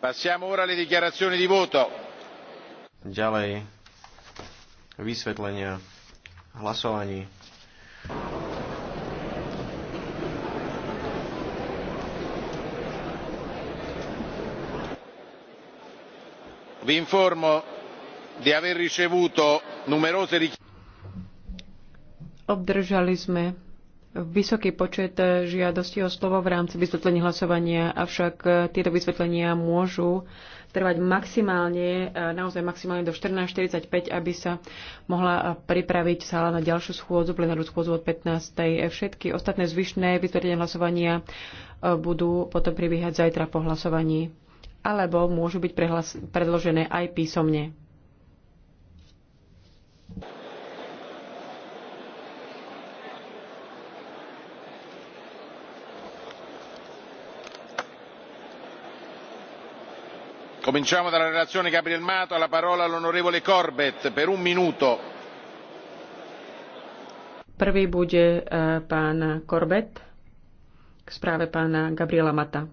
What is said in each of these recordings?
Passiamo ora alle dichiarazioni di voto. Ďalej vysvetlenia hlasovaní. Vi informo di aver ricevuto numerose richieste. Obdržali sme vysoký počet žiadostí o slovo v rámci vysvetlení hlasovania, avšak e, tieto vysvetlenia môžu trvať maximálne, e, naozaj maximálne do 14.45, aby sa mohla e, pripraviť sála na ďalšiu schôdzu, plenárnu schôdzu od 15. Všetky ostatné zvyšné vysvetlenia hlasovania budú potom pribiehať zajtra po hlasovaní alebo môžu byť predložené aj písomne. cominciamo dalla relazione gabriel mato ha la parola l'onorevole corbett per un minuto prvý bude eh, pán corbett k správe pána gabriela mata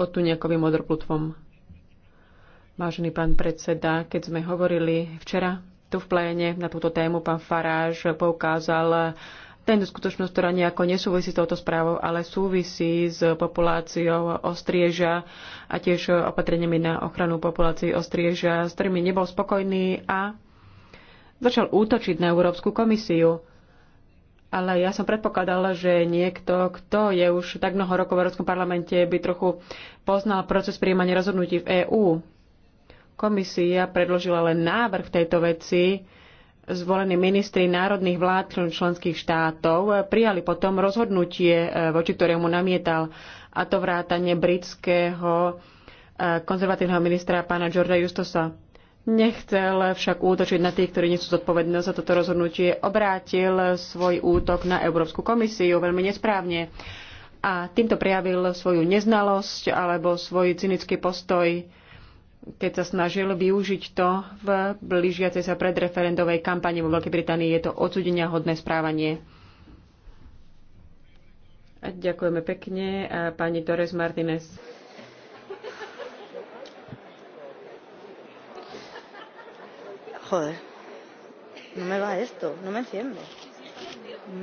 o tuniakovým modroplutvom. Vážený pán predseda, keď sme hovorili včera tu v pléne na túto tému, pán Faráž poukázal tento je skutočnosť, ktorá nejako nesúvisí s touto správou, ale súvisí s populáciou ostrieža a tiež opatreniami na ochranu populácií ostrieža, s ktorými nebol spokojný a začal útočiť na Európsku komisiu. Ale ja som predpokladala, že niekto, kto je už tak mnoho rokov v Európskom parlamente, by trochu poznal proces príjmania rozhodnutí v EÚ. Komisia predložila len návrh v tejto veci, zvolení ministri národných vlád členských štátov prijali potom rozhodnutie, e, voči ktorému namietal, a to vrátanie britského e, konzervatívneho ministra pána Georgea Justosa. Nechcel však útočiť na tých, ktorí nie sú zodpovední za toto rozhodnutie. Obrátil svoj útok na Európsku komisiu veľmi nesprávne a týmto prejavil svoju neznalosť alebo svoj cynický postoj keď sa snažil využiť to v blížiacej sa predreferendovej kampani vo Veľkej Británii. Je to odsudenia hodné správanie. A ďakujeme pekne. A pani Torres Martinez. Joder, no me va esto, no me enciende.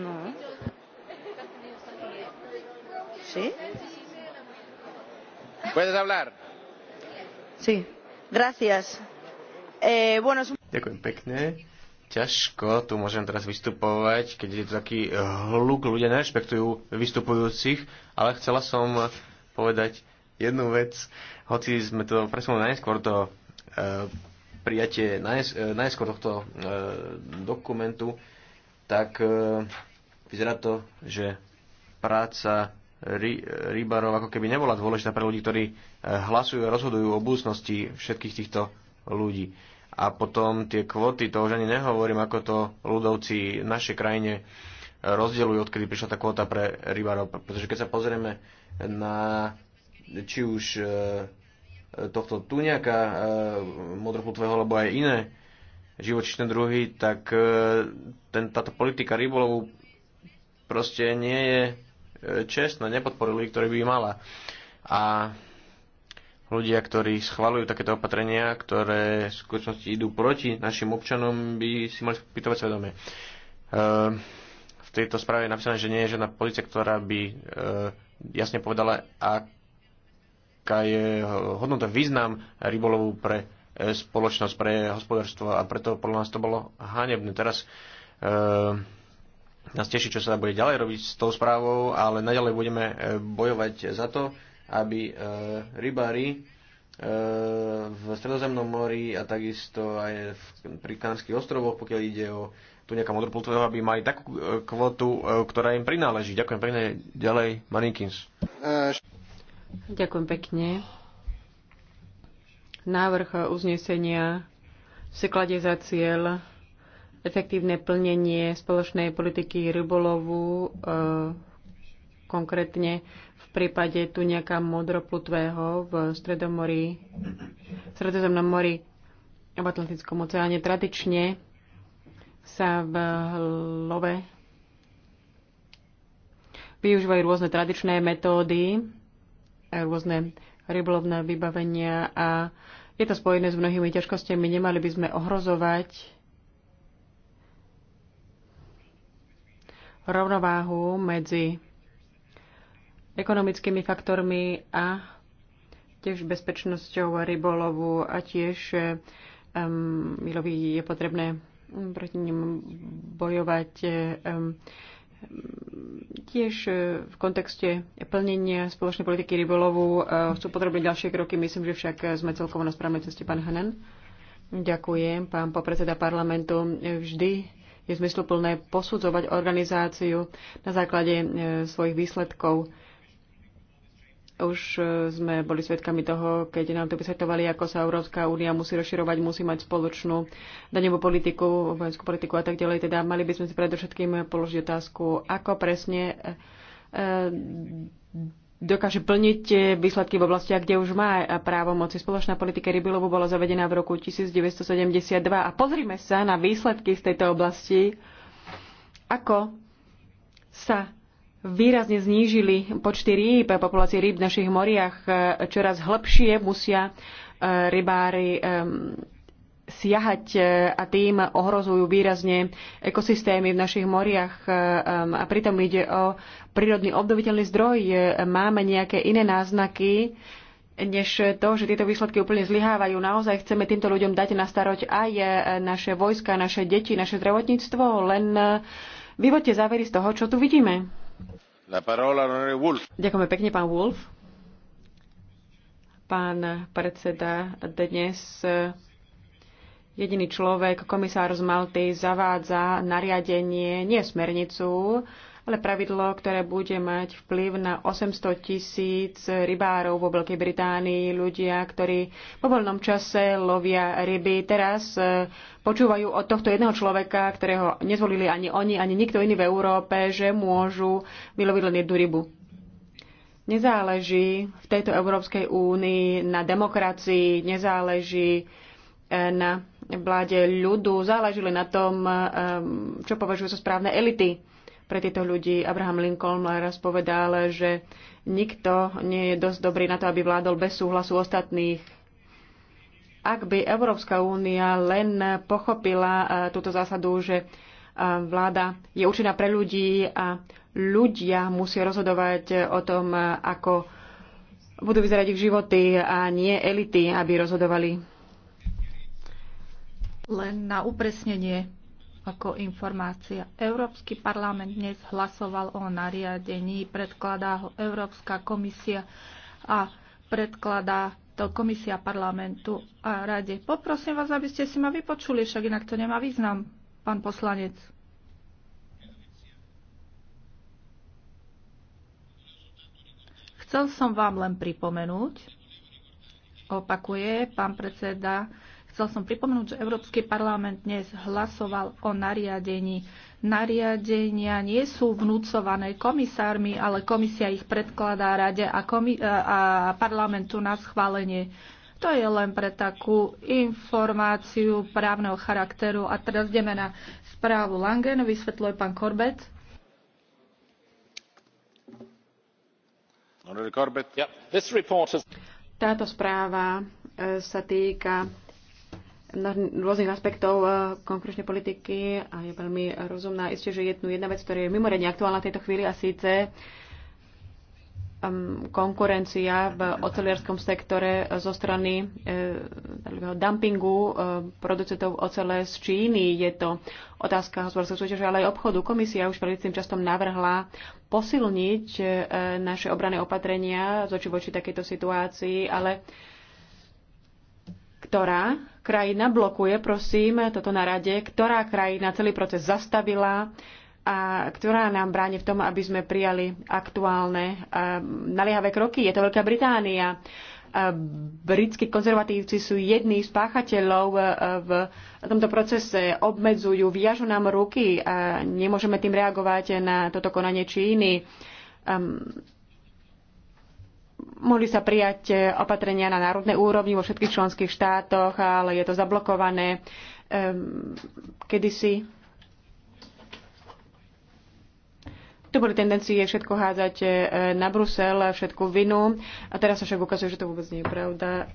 No. ¿Sí? Puedes hablar. Eh, Ďakujem pekne. Ťažko tu môžem teraz vystupovať, keď je to taký hluk, ľudia nerešpektujú vystupujúcich, ale chcela som povedať jednu vec, hoci sme to presunuli najskôr to e, prijatie najs, e, najskôr tohto e, dokumentu, tak e, vyzerá to, že práca ry, ako keby nebola dôležitá pre ľudí, ktorí eh, hlasujú a rozhodujú o budúcnosti všetkých týchto ľudí. A potom tie kvóty to už ani nehovorím, ako to ľudovci v našej krajine eh, rozdeľujú, odkedy prišla tá kvota pre rybarov. Pretože keď sa pozrieme na či už eh, tohto tuňaka modroplutvého, alebo aj iné živočíšne druhy, tak ten, táto politika rybolovu proste nie je čestné nepodporili, ktoré by mala. A ľudia, ktorí schvalujú takéto opatrenia, ktoré v skutočnosti idú proti našim občanom, by si mali spýtovať svedomie. E, v tejto správe je napísané, že nie je žiadna pozícia, ktorá by e, jasne povedala, aká je hodnota, význam rybolovu pre e, spoločnosť, pre hospodárstvo a preto podľa nás to bolo hanebné. Teraz nás teší, čo sa bude ďalej robiť s tou správou, ale naďalej budeme e, bojovať za to, aby e, rybári e, v Stredozemnom mori a takisto aj v, pri Kanárských ostrovoch, pokiaľ ide o tu nejaká modropultového, aby mali takú kvotu, ktorá im prináleží. Ďakujem pekne. Ďalej, Marinkins. Ďakujem pekne. Návrh uznesenia si kladie za cieľ efektívne plnenie spoločnej politiky rybolovu, e, konkrétne v prípade tu nejaká modroplutvého v Stredomorí, Stredozemnom mori a v Atlantickom oceáne. Tradične sa v love využívajú rôzne tradičné metódy, e, rôzne rybolovné vybavenia a je to spojené s mnohými ťažkosťami. Nemali by sme ohrozovať rovnováhu medzi ekonomickými faktormi a tiež bezpečnosťou rybolovu a tiež um, je potrebné proti ním bojovať um, tiež e, v kontexte plnenia spoločnej politiky rybolovu sú e, potrebné ďalšie kroky. Myslím, že však sme celkovo na správnej ceste, pán Hanen. Ďakujem, pán popredseda parlamentu. Vždy je zmysluplné posudzovať organizáciu na základe e, svojich výsledkov. Už e, sme boli svedkami toho, keď nám to vysvetovali, ako sa Európska únia musí rozširovať, musí mať spoločnú daňovú politiku, vojenskú politiku a tak ďalej. Teda mali by sme si predovšetkým položiť otázku, ako presne e, dokáže plniť výsledky v oblastiach, kde už má právomoci. Spoločná politika rybolovu bola zavedená v roku 1972 a pozrime sa na výsledky z tejto oblasti, ako sa výrazne znížili počty rýb, populácie rýb v našich moriach čoraz hlbšie musia eh, rybári eh, siahať e, a tým ohrozujú výrazne ekosystémy v našich moriach e, a pritom ide o prírodný obnoviteľný zdroj. E, máme nejaké iné náznaky, než to, že tieto výsledky úplne zlyhávajú. Naozaj chceme týmto ľuďom dať na staroť aj naše vojska, naše deti, naše zdravotníctvo, len vyvodte závery z toho, čo tu vidíme. Parola, Ďakujeme pekne, pán Wolf. Pán predseda, dnes jediný človek, komisár z Malty, zavádza nariadenie, nie smernicu, ale pravidlo, ktoré bude mať vplyv na 800 tisíc rybárov vo Veľkej Británii, ľudia, ktorí po voľnom čase lovia ryby. Teraz e, počúvajú od tohto jedného človeka, ktorého nezvolili ani oni, ani nikto iný v Európe, že môžu vyloviť len jednu rybu. Nezáleží v tejto Európskej únii na demokracii, nezáleží e, na vláde ľudu záležili na tom, um, čo považujú za so správne elity pre týchto ľudí. Abraham Lincoln raz povedal, že nikto nie je dosť dobrý na to, aby vládol bez súhlasu ostatných. Ak by Európska únia len pochopila uh, túto zásadu, že uh, vláda je určená pre ľudí a ľudia musia rozhodovať o tom, uh, ako budú vyzerať ich životy a nie elity, aby rozhodovali. Len na upresnenie ako informácia. Európsky parlament dnes hlasoval o nariadení, predkladá ho Európska komisia a predkladá to komisia parlamentu a rade. Poprosím vás, aby ste si ma vypočuli, však inak to nemá význam, pán poslanec. Chcel som vám len pripomenúť, opakuje pán predseda Chcel som pripomenúť, že Európsky parlament dnes hlasoval o nariadení. Nariadenia nie sú vnúcované komisármi, ale komisia ich predkladá rade a, komi- a parlamentu na schválenie. To je len pre takú informáciu právneho charakteru. A teraz ideme na správu Langen. Vysvetľuje pán Korbet. Táto správa e, sa týka rôznych aspektov eh, konkurenčnej politiky a je veľmi rozumná. Isté, že je tu jedna vec, ktorá je mimoriadne aktuálna v tejto chvíli a síce ehm, konkurencia v oceliarskom sektore eh, zo strany eh, dumpingu producentov ocele z Číny. Je to otázka hospodárskej súťaže, ale aj obchodu. Komisia už pred tým časom navrhla posilniť naše obrané opatrenia z oči voči takejto situácii, ale ktorá krajina blokuje, prosím, toto na rade, ktorá krajina celý proces zastavila a ktorá nám bráni v tom, aby sme prijali aktuálne eh, naliehavé kroky. Je to Veľká Británia. Eh, britskí konzervatívci sú jední z páchateľov eh, v tomto procese, obmedzujú, viažu nám ruky a nemôžeme tým reagovať na toto konanie Číny ehm, mohli sa prijať e, opatrenia na národnej úrovni vo všetkých členských štátoch, ale je to zablokované. Um, kedysi tu boli tendencie všetko hádzať e, na Brusel, všetku vinu. A teraz sa však ukazuje, že to vôbec nie je pravda.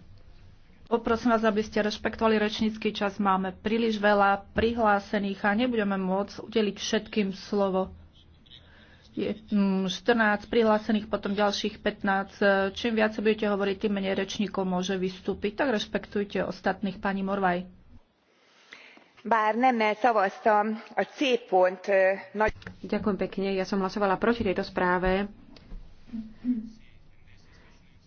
Poprosím vás, aby ste rešpektovali rečnícky čas. Máme príliš veľa prihlásených a nebudeme môcť udeliť všetkým slovo je 14 mm, prihlásených, potom ďalších 15. Čím viac budete hovoriť, tým menej rečníkov môže vystúpiť. Tak rešpektujte ostatných. Pani Morvaj. Bár nemmel szavaztam, a C pont... Ďakujem pekne. Ja som hlasovala proti tejto správe.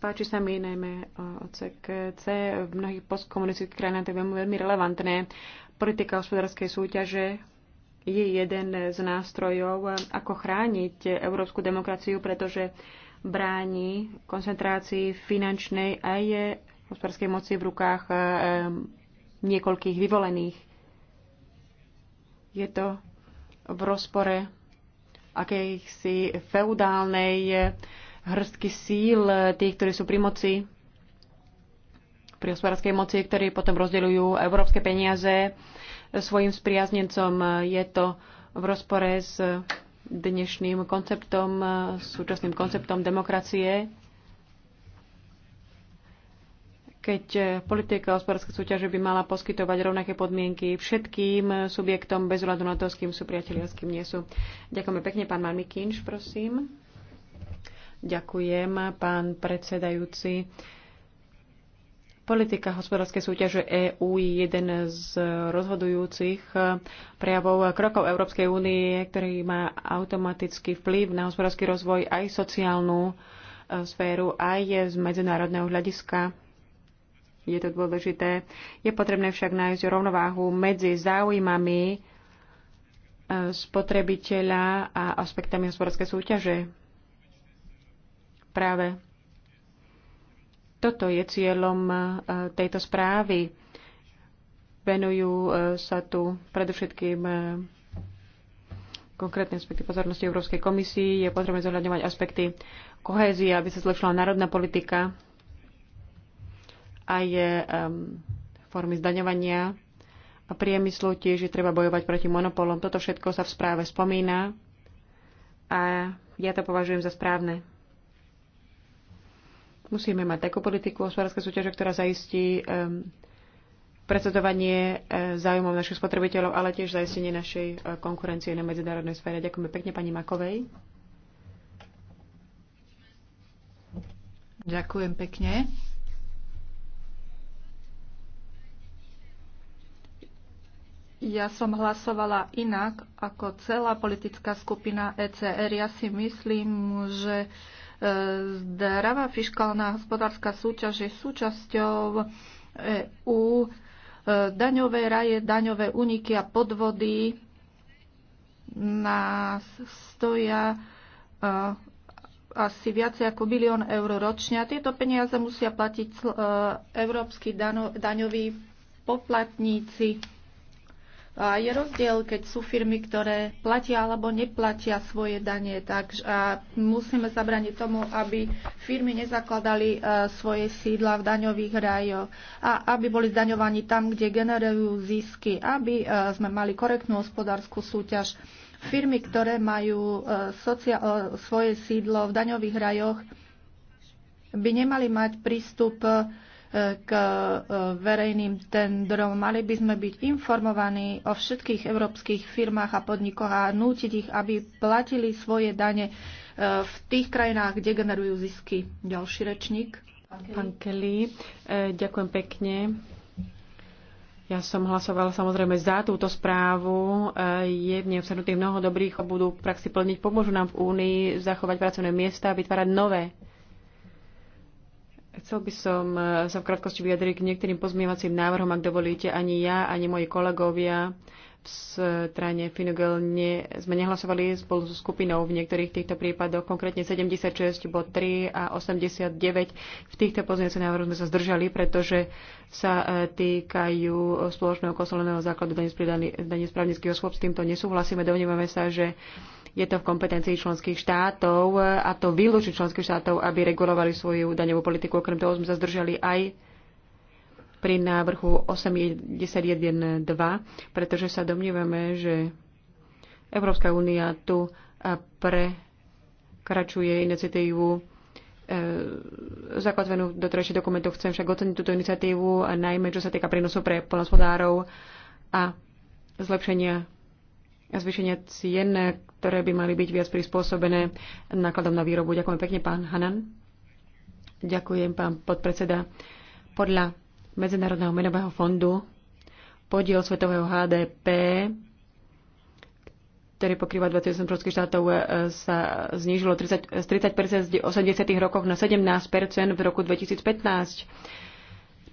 Páči sa mi najmä e, o CKC, V mnohých postkomunistických krajinách to je veľmi relevantné. Politika hospodárskej súťaže je jeden z nástrojov, ako chrániť európsku demokraciu, pretože bráni koncentrácii finančnej a je hospodárskej moci v rukách eh, niekoľkých vyvolených. Je to v rozpore akejsi feudálnej eh, hrstky síl eh, tých, ktorí sú pri moci, pri hospodárskej moci, ktorí potom rozdeľujú európske peniaze svojim spriaznencom. Je to v rozpore s dnešným konceptom, súčasným konceptom demokracie, keď politika hospodárskej súťaže by mala poskytovať rovnaké podmienky všetkým subjektom bez hľadu na to, s kým sú priatelia, s kým nie sú. Ďakujeme pekne, pán Marmi prosím. Ďakujem, pán predsedajúci. Politika hospodárskej súťaže EÚ je jeden z rozhodujúcich e, prejavov krokov Európskej únie, ktorý má automatický vplyv na hospodársky rozvoj aj sociálnu e, sféru, aj z medzinárodného hľadiska. Je to dôležité. Je potrebné však nájsť rovnováhu medzi záujmami e, spotrebiteľa a aspektami hospodárskej súťaže práve toto je cieľom e, tejto správy. Venujú e, sa tu predovšetkým e, konkrétne aspekty pozornosti Európskej komisii. Je potrebné zohľadňovať aspekty kohézie, aby sa zlepšila národná politika a aj um, formy zdaňovania a priemyslu tiež je treba bojovať proti monopolom. Toto všetko sa v správe spomína a ja to považujem za správne. Musíme mať takú politiku hospodárskej súťaže, ktorá zaistí um, predsedovanie záujmov našich spotrebiteľov, ale tiež zaistenie našej e, konkurencie na medzinárodnej sfére. Ďakujeme pekne pani Makovej. Ďakujem pekne. Ja som hlasovala inak ako celá politická skupina ECR. Ja si myslím, že Zdravá fiskálna hospodárska súťaž je súčasťou EU. Daňové raje, daňové úniky a podvody nás stoja e, asi viac ako bilión eur ročne. A tieto peniaze musia platiť e, európsky daňoví poplatníci. A je rozdiel, keď sú firmy, ktoré platia alebo neplatia svoje danie, Takže musíme zabraniť tomu, aby firmy nezakladali e, svoje sídla v daňových rajoch a aby boli zdaňovaní tam, kde generujú zisky, aby e, sme mali korektnú hospodárskú súťaž. Firmy, ktoré majú e, svoje sídlo v daňových rajoch, by nemali mať prístup k e, verejným tendrom. Mali by sme byť informovaní o všetkých európskych firmách a podnikoch a nútiť ich, aby platili svoje dane e, v tých krajinách, kde generujú zisky. Ďalší rečník. Pán Kelly, e, ďakujem pekne. Ja som hlasovala samozrejme za túto správu. Je v nej obsahnutých mnoho dobrých a budú v praxi plniť. Pomôžu nám v Únii zachovať pracovné miesta a vytvárať nové Chcel by som eh, sa v krátkosti vyjadriť k niektorým pozmievacím návrhom, ak dovolíte. Ani ja, ani moji kolegovia v strane Finugel ne, sme nehlasovali spolu so skupinou v niektorých týchto prípadoch, konkrétne 76 bod 3 a 89. V týchto pozmievacích návrhoch sme sa zdržali, pretože sa eh, týkajú spoločného konsolidného základu daní z právnických osôb. S týmto nesúhlasíme. Dovnívame sa, že je to v kompetencii členských štátov a to výlučne členských štátov, aby regulovali svoju daňovú politiku. Okrem toho sme sa zdržali aj pri návrhu 8.10.1.2, pretože sa domnívame, že Európska únia tu prekračuje iniciatívu e, zakotvenú do trešej dokumentu, Chcem však oceniť túto iniciatívu, najmä čo sa týka prínosu pre polnospodárov a zlepšenia zvýšenia cien, ktoré by mali byť viac prispôsobené nákladom na výrobu. Ďakujem pekne, pán Hanan. Ďakujem, pán podpredseda. Podľa Medzinárodného menového fondu podiel svetového HDP, ktorý pokrýva 28 členských štátov, e, sa znížilo 30, z 30 v 80. rokoch na 17 v roku 2015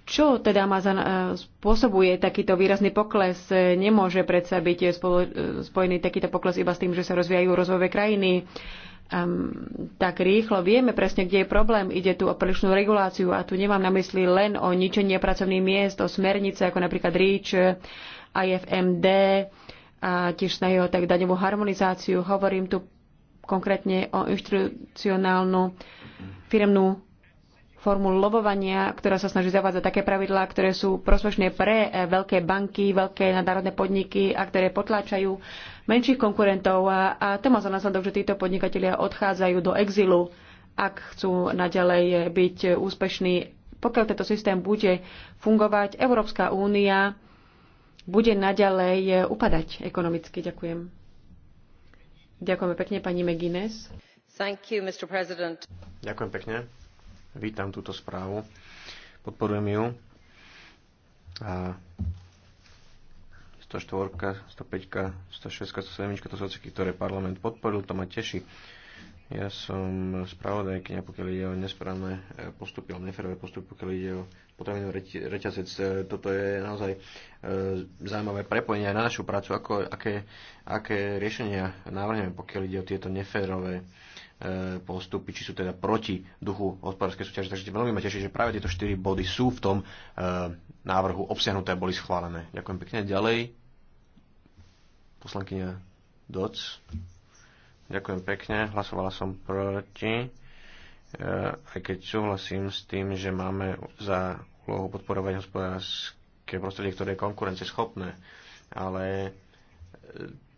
čo teda má za, e, spôsobuje takýto výrazný pokles? E, nemôže predsa byť e, spolo, spojený takýto pokles iba s tým, že sa rozvíjajú rozvojové krajiny um, tak rýchlo. Vieme presne, kde je problém. Ide tu o prílišnú reguláciu a tu nemám na mysli len o ničenie pracovných miest, o smernice ako napríklad REACH, IFMD a tiež snahy o tak daňovú harmonizáciu. Hovorím tu konkrétne o inštitucionálnu firmnú formu lobovania, ktorá sa snaží zavádzať také pravidlá, ktoré sú prospešné pre eh, veľké banky, veľké nadárodné podniky a ktoré potláčajú menších konkurentov. A, a to má za následok, že títo podnikatelia odchádzajú do exilu, ak chcú naďalej eh, byť úspešní. Pokiaľ tento systém bude fungovať, Európska únia bude naďalej eh, upadať ekonomicky. Ďakujem. Ďakujeme pekne, pani McGuinness. You, Ďakujem pekne Vítam túto správu, podporujem ju. A 104, 105, 106, 107, to sú oceky, ktoré parlament podporil, to ma teší. Ja som spravodajkynia, pokiaľ ide o nesprávne e, postupy, alebo neferové postupy, pokiaľ ide o potravinový reťazec. E, toto je naozaj e, zaujímavé prepojenie aj na našu prácu, ako, aké, aké riešenia návrhneme, pokiaľ ide o tieto neférové postupy, či sú teda proti duchu hospodárskej súťaže. Takže veľmi ma teší, že práve tieto 4 body sú v tom eh, návrhu obsiahnuté a boli schválené. Ďakujem pekne. Ďalej, poslankyňa Doc. Ďakujem pekne. Hlasovala som proti, eh, aj keď súhlasím s tým, že máme za úlohu podporovať hospodárske prostredie, ktoré je konkurenceschopné. Ale eh,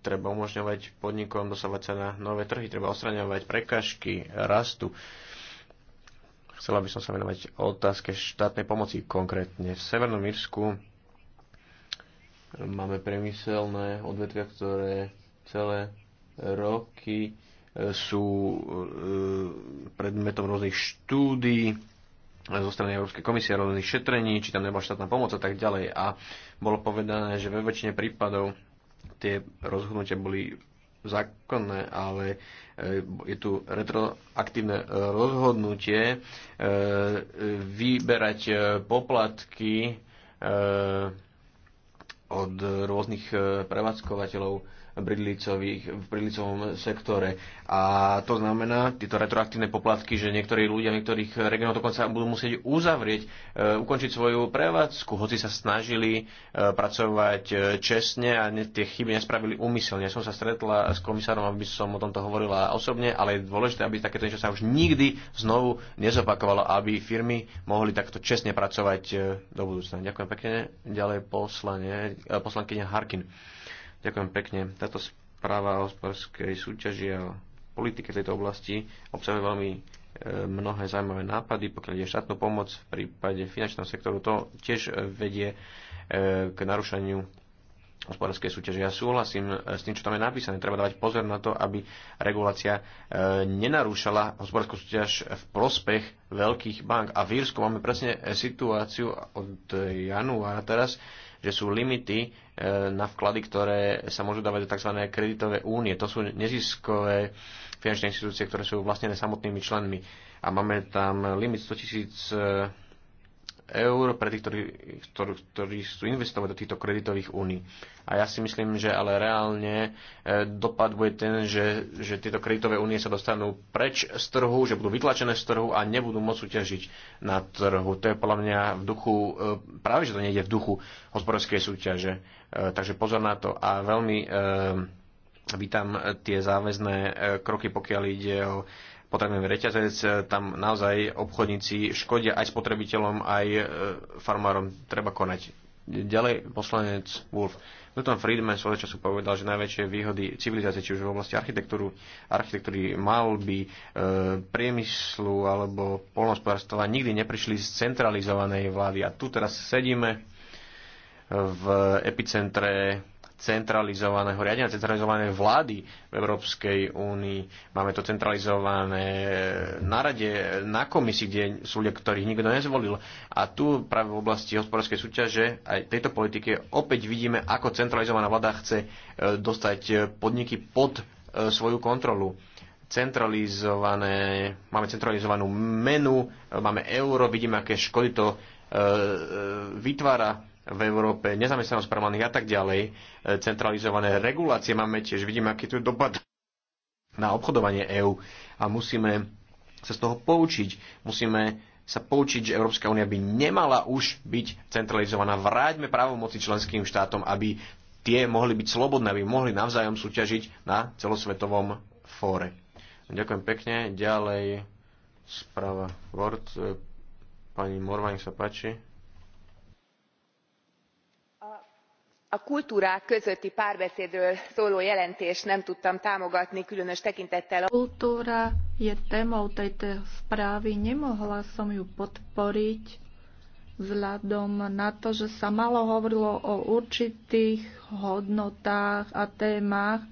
treba umožňovať podnikom dosávať sa na nové trhy, treba osraňovať prekažky rastu. Chcela by som sa venovať otázke štátnej pomoci konkrétne. V Severnom Írsku máme priemyselné odvetvia, ktoré celé roky e, sú e, predmetom rôznych štúdí zo strany Európskej komisie, rôznych šetrení, či tam nebola štátna pomoc a tak ďalej. A bolo povedané, že ve väčšine prípadov tie rozhodnutia boli zákonné, ale e, je tu retroaktívne e, rozhodnutie e, vyberať poplatky od rôznych prevádzkovateľov v bridlicovom sektore. A to znamená, tieto retroaktívne poplatky, že niektorí ľudia v niektorých regiónoch dokonca budú musieť uzavrieť, e, ukončiť svoju prevádzku, hoci sa snažili e, pracovať e, čestne a tie chyby nespravili úmyselne. Ja som sa stretla s komisárom, aby som o tomto hovorila osobne, ale je dôležité, aby takéto niečo sa už nikdy znovu nezopakovalo, aby firmy mohli takto čestne pracovať do budúcna. Ďakujem pekne. Ďalej poslane, poslankyňa Harkin. Ďakujem pekne. Táto správa o hospodárskej súťaži a politike v tejto oblasti obsahuje veľmi e, mnohé zaujímavé nápady, pokiaľ je štátnu pomoc v prípade finančného sektoru. To tiež e, vedie e, k narušeniu hospodárskej súťaže. Ja súhlasím s tým, čo tam je napísané. Treba dávať pozor na to, aby regulácia nenarúšala hospodárskú súťaž v prospech veľkých bank. A v Írsku máme presne situáciu od januára teraz, že sú limity e, na vklady, ktoré sa môžu dávať do tzv. kreditové únie. To sú neziskové finančné inštitúcie, ktoré sú vlastnené samotnými členmi. A máme tam limit 100 tisíc 000 e, eur pre tých, ktorí, ktorí, ktorí sú investovať do týchto kreditových úní. A ja si myslím, že ale reálne e, dopad bude ten, že, že tieto kreditové únie sa dostanú preč z trhu, že budú vytlačené z trhu a nebudú môcť súťažiť na trhu. To je podľa mňa v duchu, e, práve že to nejde v duchu hospodárskej súťaže. E, takže pozor na to a veľmi vítam tie záväzné kroky, pokiaľ ide o potravinový reťazec, e, tam naozaj obchodníci škodia aj spotrebiteľom, aj e, farmárom. Treba konať. Ďalej poslanec Wolf. Milton Friedman svojho času povedal, že najväčšie výhody civilizácie, či už v oblasti architektúry, architektúry malby, e, priemyslu alebo polnospodárstva nikdy neprišli z centralizovanej vlády. A tu teraz sedíme v epicentre centralizovaného riadenia, centralizované vlády v Európskej únii. Máme to centralizované na rade, na komisii, kde sú ľudia, ktorých nikto nezvolil. A tu práve v oblasti hospodárskej súťaže aj tejto politike opäť vidíme, ako centralizovaná vláda chce e, dostať podniky pod e, svoju kontrolu centralizované, máme centralizovanú menu, e, máme euro, vidíme, aké škody to vytvára v Európe, nezamestnanosť permanentných a tak ďalej, e, centralizované regulácie máme tiež, vidíme, aký tu je dopad na obchodovanie EÚ a musíme sa z toho poučiť. Musíme sa poučiť, že Európska únia by nemala už byť centralizovaná. Vráťme právomoci členským štátom, aby tie mohli byť slobodné, aby mohli navzájom súťažiť na celosvetovom fóre. Ďakujem pekne. Ďalej správa Word. E, pani Morvaň sa páči. a kultúrák közötti párbeszédről szóló jelentést nem tudtam támogatni különös tekintettel. kultúra je témou tejto správy nemohla som ju podporiť vzhľadom na to, že sa malo hovorilo o určitých hodnotách a témach,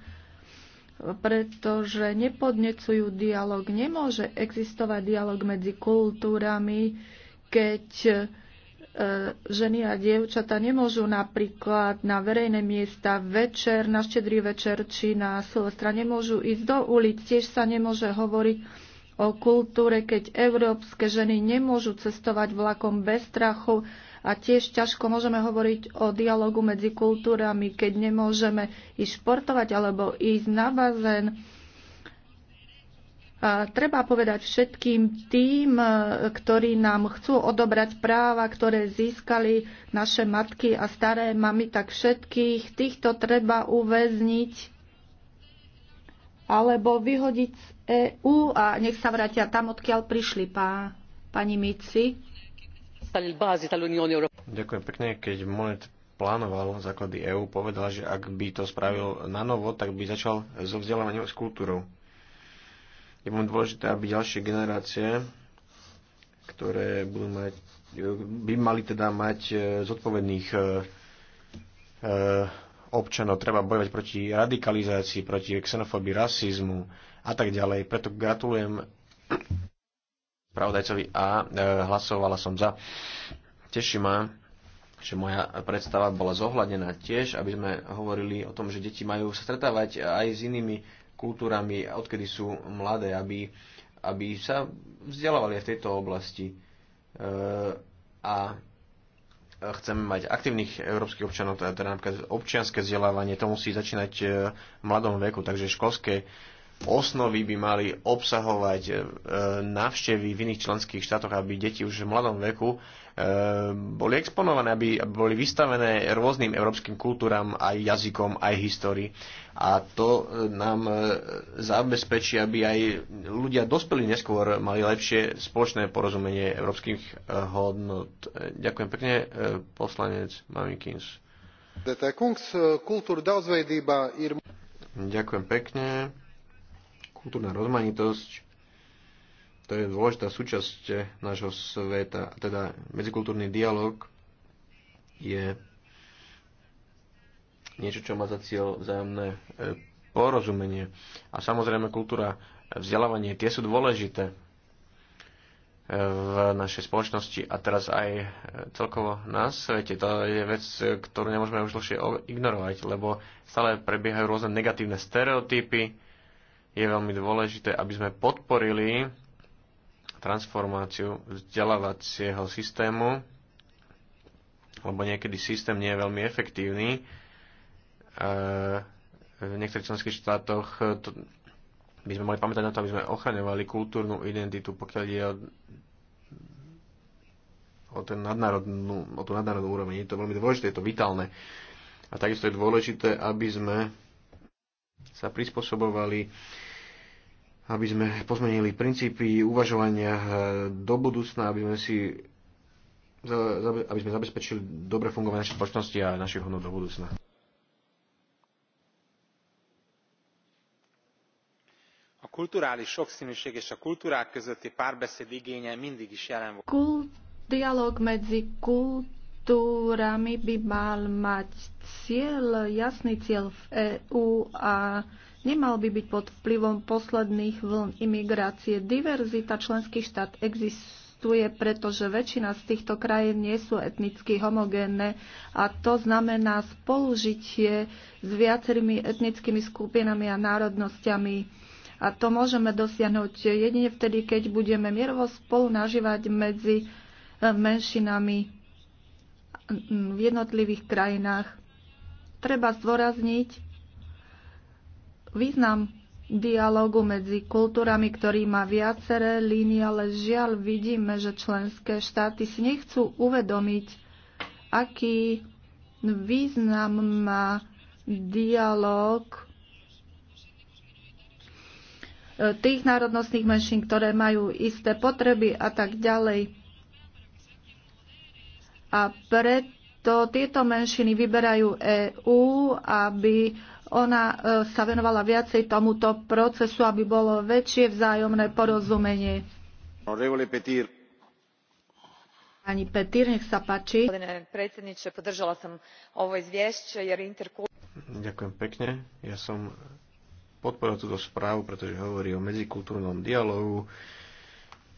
pretože nepodnecujú dialog. Nemôže existovať dialog medzi kultúrami, keď E, ženy a dievčata nemôžu napríklad na verejné miesta večer, na štedrý večer či na silvestra nemôžu ísť do ulic. Tiež sa nemôže hovoriť o kultúre, keď európske ženy nemôžu cestovať vlakom bez strachu a tiež ťažko môžeme hovoriť o dialogu medzi kultúrami, keď nemôžeme ísť športovať alebo ísť na bazén Treba povedať všetkým tým, e, ktorí nám chcú odobrať práva, ktoré získali naše matky a staré mamy, tak všetkých týchto treba uväzniť alebo vyhodiť z EÚ a nech sa vrátia tam, odkiaľ prišli, pá, pani Mici. Ďakujem pekne, keď Monet plánoval základy EÚ, povedal, že ak by to spravil na novo, tak by začal so vzdelávaním s kultúrou je veľmi dôležité, aby ďalšie generácie, ktoré budú mať, by mali teda mať e, zodpovedných e, e, občanov. Treba bojovať proti radikalizácii, proti xenofóbii, rasizmu a tak ďalej. Preto gratulujem pravodajcovi a hlasovala som za. Teší ma, že moja predstava bola zohľadená tiež, aby sme hovorili o tom, že deti majú sa stretávať aj s inými kultúrami, odkedy sú mladé, aby, aby sa vzdelávali v tejto oblasti. E, a chceme mať aktívnych európskych občanov, teda napríklad občianske vzdelávanie, to musí začínať e, v mladom veku, takže školské osnovy by mali obsahovať e, návštevy v iných členských štátoch, aby deti už v mladom veku e, boli exponované, aby, aby boli vystavené rôznym európskym kultúram, aj jazykom, aj histórii. A to e, nám e, zabezpečí, aby aj ľudia dospeli neskôr mali lepšie spoločné porozumenie európskych e, hodnot. E, ďakujem pekne, e, poslanec Mamikins. Ďakujem pekne kultúrna rozmanitosť, to je dôležitá súčasť nášho sveta, teda medzikultúrny dialog je niečo, čo má za cieľ vzájomné e, porozumenie. A samozrejme kultúra, vzdelávanie, tie sú dôležité e, v našej spoločnosti a teraz aj e, celkovo na svete. To je vec, ktorú nemôžeme už dlhšie ignorovať, lebo stále prebiehajú rôzne negatívne stereotypy, je veľmi dôležité, aby sme podporili transformáciu vzdelávacieho systému, lebo niekedy systém nie je veľmi efektívny. E, v niektorých členských štátoch to by sme mali pamätať na to, aby sme ochraňovali kultúrnu identitu, pokiaľ je o, o, ten nadnárodnú, o tú nadnárodnú úroveň. Je to veľmi dôležité, je to vitálne. A takisto je dôležité, aby sme sa prispôsobovali aby sme pozmenili princípy uvažovania eh, do budúcna, aby sme si aby sme zabezpečili dobre fungovanie našej spoločnosti a našich hodnot do budúcna. A kulturális sokszínűség és a kultúrák közötti párbeszéd igénye mindig is jelen volt. Kul- dialog medzi kultúrami by mal mať cieľ, jasný cieľ v EU a nemal by byť pod vplyvom posledných vln imigrácie. Diverzita členských štát existuje, pretože väčšina z týchto krajín nie sú etnicky homogénne a to znamená spolužitie s viacerými etnickými skupinami a národnosťami. A to môžeme dosiahnuť jedine vtedy, keď budeme mierovo spolu nažívať medzi eh, menšinami v jednotlivých krajinách. Treba zdôrazniť, význam dialogu medzi kultúrami, ktorý má viaceré línie, ale žiaľ vidíme, že členské štáty si nechcú uvedomiť, aký význam má dialog e, tých národnostných menšín, ktoré majú isté potreby a tak ďalej. A preto tieto menšiny vyberajú EÚ, aby ona e, sa venovala viacej tomuto procesu, aby bolo väčšie vzájomné porozumenie. Pani Petir, nech sa páči. Predsedniče, podržala som ovo izvješće jer interkulturalno Ďakujem pekne. Ja som podporil túto správu, pretože hovorí o medzikultúrnom dialogu,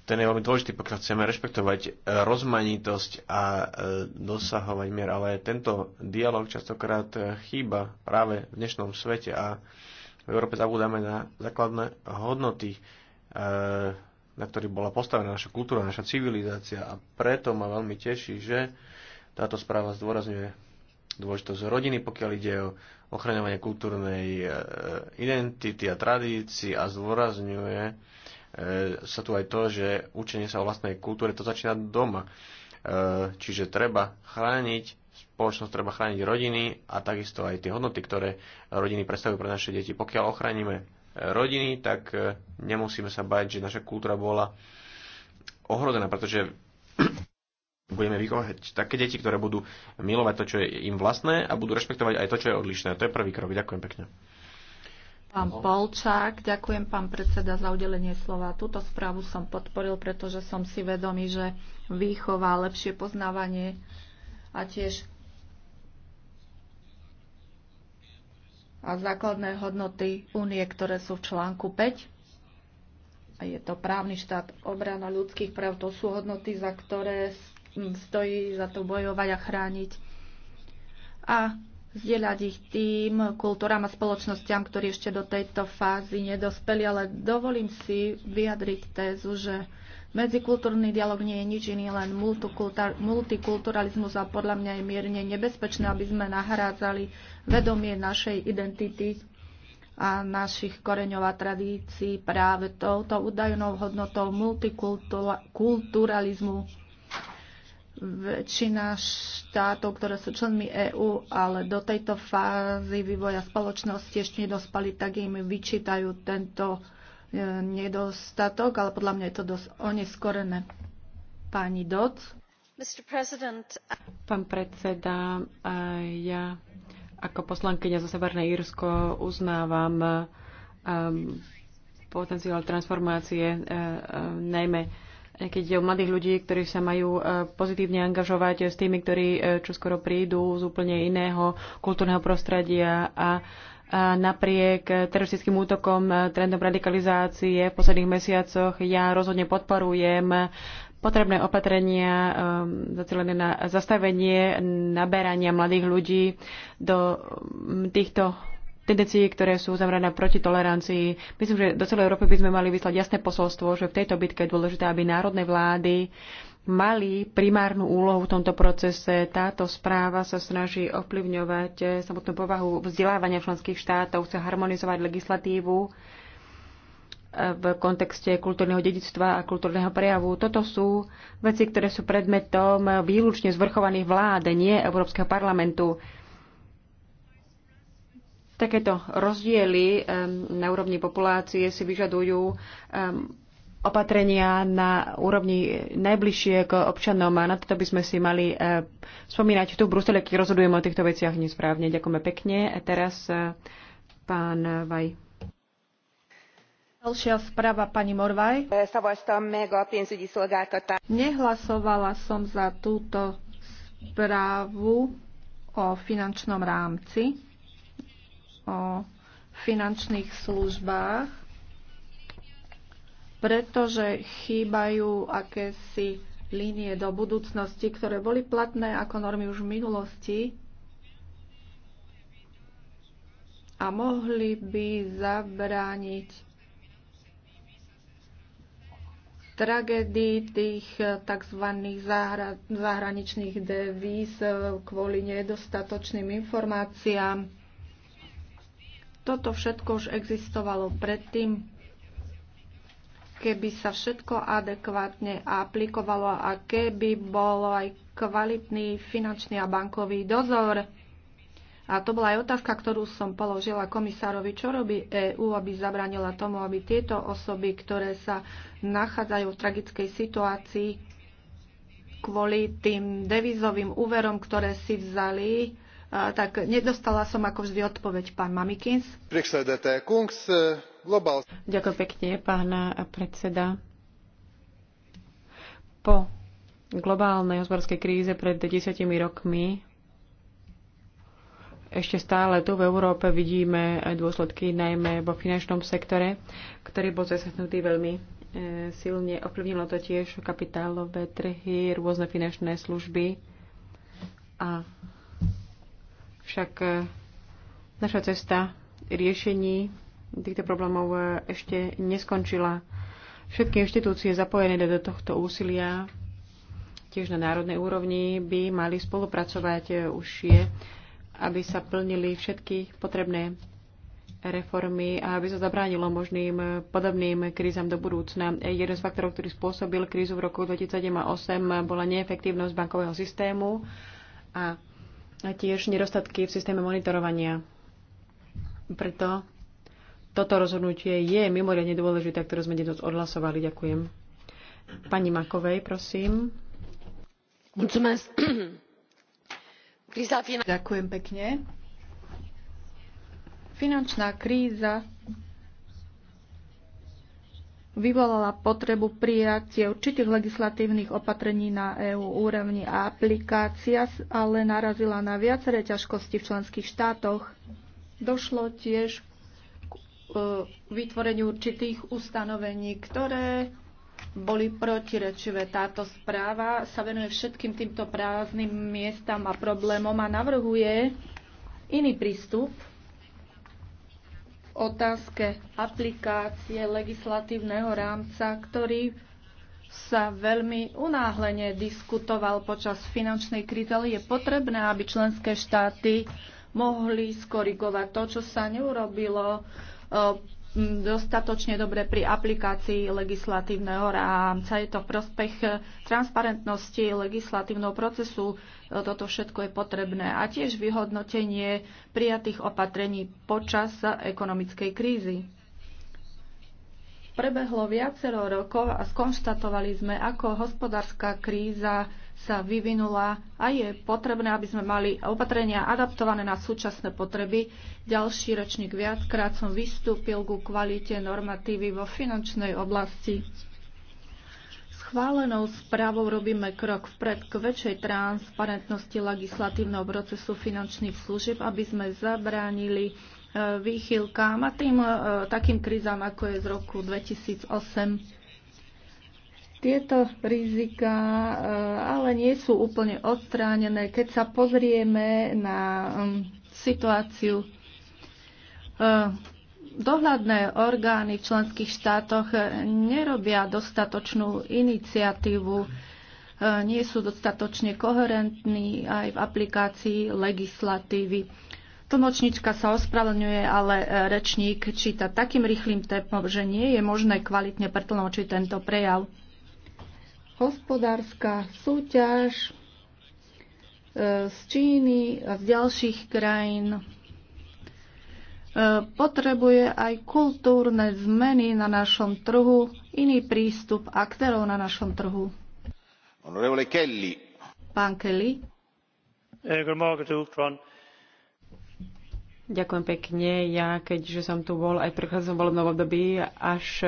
ten je veľmi dôležitý, pokiaľ chceme rešpektovať e, rozmanitosť a e, dosahovať mier, ale tento dialog častokrát e, chýba práve v dnešnom svete a v Európe zabúdame na základné hodnoty, na ktorých bola postavená naša kultúra, naša civilizácia a preto ma veľmi teší, že táto správa zdôrazňuje dôležitosť rodiny, pokiaľ ide o ochraňovanie kultúrnej identity a tradícií a zdôrazňuje E, sa tu aj to, že učenie sa o vlastnej kultúre to začína doma. E, čiže treba chrániť spoločnosť, treba chrániť rodiny a takisto aj tie hodnoty, ktoré rodiny predstavujú pre naše deti. Pokiaľ ochránime rodiny, tak e, nemusíme sa bať, že naša kultúra bola ohrozená, pretože budeme vychovať také deti, ktoré budú milovať to, čo je im vlastné a budú rešpektovať aj to, čo je odlišné. To je prvý krok. Ďakujem pekne. Pán Polčák, ďakujem pán predseda za udelenie slova. Túto správu som podporil, pretože som si vedomý, že výchova, lepšie poznávanie a tiež a základné hodnoty únie, ktoré sú v článku 5. A je to právny štát, obrana ľudských práv, to sú hodnoty, za ktoré stojí za to bojovať a chrániť. A zdieľať ich tým kultúram a spoločnosťam, ktorí ešte do tejto fázy nedospeli, ale dovolím si vyjadriť tézu, že Medzikultúrny dialog nie je nič iný, len multikulturalizmus a podľa mňa je mierne nebezpečné, aby sme nahrádzali vedomie našej identity a našich koreňov a tradícií práve touto údajnou hodnotou multikulturalizmu väčšina štátov, ktoré sú členmi EÚ, ale do tejto fázy vývoja spoločnosti ešte nedospali, tak im vyčítajú tento e, nedostatok, ale podľa mňa je to dosť oneskorené. Pani Doc. Pán predseda, ja ako poslankyňa za Severné Írsko uznávam um, potenciál transformácie, e, e, najmä keď je o mladých ľudí, ktorí sa majú e, pozitívne angažovať s tými, ktorí e, čo skoro prídu z úplne iného kultúrneho prostredia a napriek teroristickým útokom, e, trendom radikalizácie v posledných mesiacoch ja rozhodne podporujem potrebné opatrenia zacelené na zastavenie naberania mladých ľudí do týchto tendencií, ktoré sú zamerané proti tolerancii. Myslím, že do celej Európy by sme mali vyslať jasné posolstvo, že v tejto bitke je dôležité, aby národné vlády mali primárnu úlohu v tomto procese. Táto správa sa snaží ovplyvňovať samotnú povahu vzdelávania členských štátov, chce harmonizovať legislatívu e, v kontexte kultúrneho dedictva a kultúrneho prejavu. Toto sú veci, ktoré sú predmetom výlučne zvrchovaných vlád, nie Európskeho parlamentu. Takéto rozdiely na úrovni populácie si vyžadujú opatrenia na úrovni najbližšie k občanom a na to by sme si mali eh, spomínať tu v Bruseli, keď rozhodujeme o týchto veciach nesprávne. Ďakujeme pekne. A teraz eh, pán Vaj. Ďalšia správa pani Morvaj. Nehlasovala som za túto správu o finančnom rámci o finančných službách, pretože chýbajú akési línie do budúcnosti, ktoré boli platné ako normy už v minulosti a mohli by zabrániť tragédii tých tzv. Zahra- zahraničných devíz kvôli nedostatočným informáciám toto všetko už existovalo predtým. Keby sa všetko adekvátne aplikovalo a keby bol aj kvalitný finančný a bankový dozor, a to bola aj otázka, ktorú som položila komisárovi, čo robí EÚ, aby zabranila tomu, aby tieto osoby, ktoré sa nachádzajú v tragickej situácii kvôli tým devizovým úverom, ktoré si vzali, tak nedostala som ako vždy odpoveď pán Mamikins. E, Ďakujem pekne, pán predseda. Po globálnej hospodárskej kríze pred desiatimi rokmi ešte stále tu v Európe vidíme dôsledky najmä vo finančnom sektore, ktorý bol zasiahnutý veľmi e, silne. Ovplyvnilo to tiež kapitálové trhy, rôzne finančné služby a však e, naša cesta riešení týchto problémov e, ešte neskončila. Všetky inštitúcie zapojené do tohto úsilia, tiež na národnej úrovni, by mali spolupracovať e, užšie, aby sa plnili všetky potrebné reformy a aby sa zabránilo možným podobným krízam do budúcna. Jeden z faktorov, ktorý spôsobil krízu v roku 2007 a 2008, bola neefektívnosť bankového systému a a tiež nedostatky v systéme monitorovania. Preto toto rozhodnutie je mimoriadne dôležité, ktoré sme dnes odhlasovali. Ďakujem. Pani Makovej, prosím. Ďakujem pekne. Finančná kríza vyvolala potrebu prijatie určitých legislatívnych opatrení na EÚ úrovni a aplikácia ale narazila na viaceré ťažkosti v členských štátoch. Došlo tiež k e, vytvoreniu určitých ustanovení, ktoré boli protirečivé. Táto správa sa venuje všetkým týmto prázdnym miestam a problémom a navrhuje iný prístup otázke aplikácie legislatívneho rámca, ktorý sa veľmi unáhlene diskutoval počas finančnej krize, je potrebné, aby členské štáty mohli skorigovať to, čo sa neurobilo eh, dostatočne dobre pri aplikácii legislatívneho rámca. Je to v prospech transparentnosti legislatívneho procesu. Toto všetko je potrebné. A tiež vyhodnotenie prijatých opatrení počas ekonomickej krízy. Prebehlo viacero rokov a skonštatovali sme, ako hospodárska kríza sa vyvinula a je potrebné, aby sme mali opatrenia adaptované na súčasné potreby. Ďalší ročník viackrát som vystúpil ku kvalite normatívy vo finančnej oblasti. Schválenou správou robíme krok vpred k väčšej transparentnosti legislatívneho procesu finančných služieb, aby sme zabránili e, výchylkám a tým e, takým krízam, ako je z roku 2008 tieto rizika eh, ale nie sú úplne odstránené. Keď sa pozrieme na mm, situáciu eh, dohľadné orgány v členských štátoch eh, nerobia dostatočnú iniciatívu, nie sú dostatočne koherentní aj v aplikácii legislatívy. Tlmočnička sa ospravedlňuje, ale rečník číta takým rýchlým tempom, že nie je možné kvalitne pretlmočiť tento prejav hospodárska súťaž e, z Číny a z ďalších krajín e, potrebuje aj kultúrne zmeny na našom trhu, iný prístup aktérov na našom trhu. Honorable Kelly. Pán Kelly. Eh, Ďakujem pekne. Ja, keďže som tu bol aj v prechádzom volebnom období, až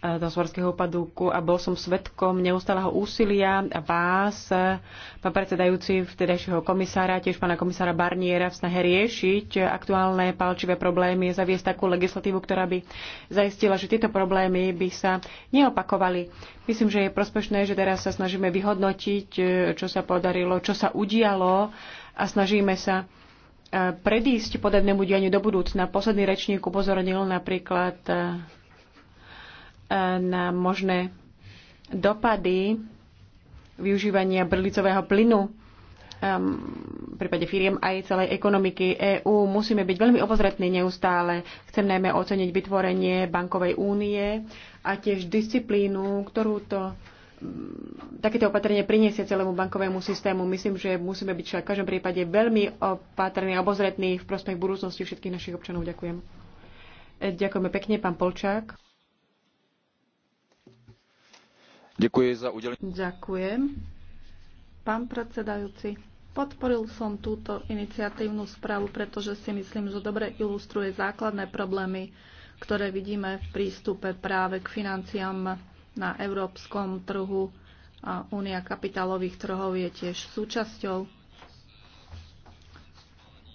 do Svorského padúku a bol som svetkom neustáleho úsilia vás, pán predsedajúci, vtedajšieho komisára, tiež pána komisára Barniera v snahe riešiť aktuálne palčivé problémy, zaviesť takú legislatívu, ktorá by zaistila, že tieto problémy by sa neopakovali. Myslím, že je prospešné, že teraz sa snažíme vyhodnotiť, čo sa podarilo, čo sa udialo a snažíme sa eh, predísť podobnému dianiu do budúcna. Posledný rečník upozornil napríklad eh, na možné dopady využívania brlicového plynu um, v prípade firiem aj celej ekonomiky EÚ musíme byť veľmi obozretní neustále. Chcem najmä oceniť vytvorenie bankovej únie a tiež disciplínu, ktorú to um, takéto opatrenie priniesie celému bankovému systému. Myslím, že musíme byť v každom prípade veľmi opatrní a obozretní v prospech budúcnosti všetkých našich občanov. Ďakujem. E, ďakujeme pekne, pán Polčák. Ďakujem za udelenie. Ďakujem. Pán predsedajúci, podporil som túto iniciatívnu správu, pretože si myslím, že dobre ilustruje základné problémy, ktoré vidíme v prístupe práve k financiám na európskom trhu a Únia kapitálových trhov je tiež súčasťou.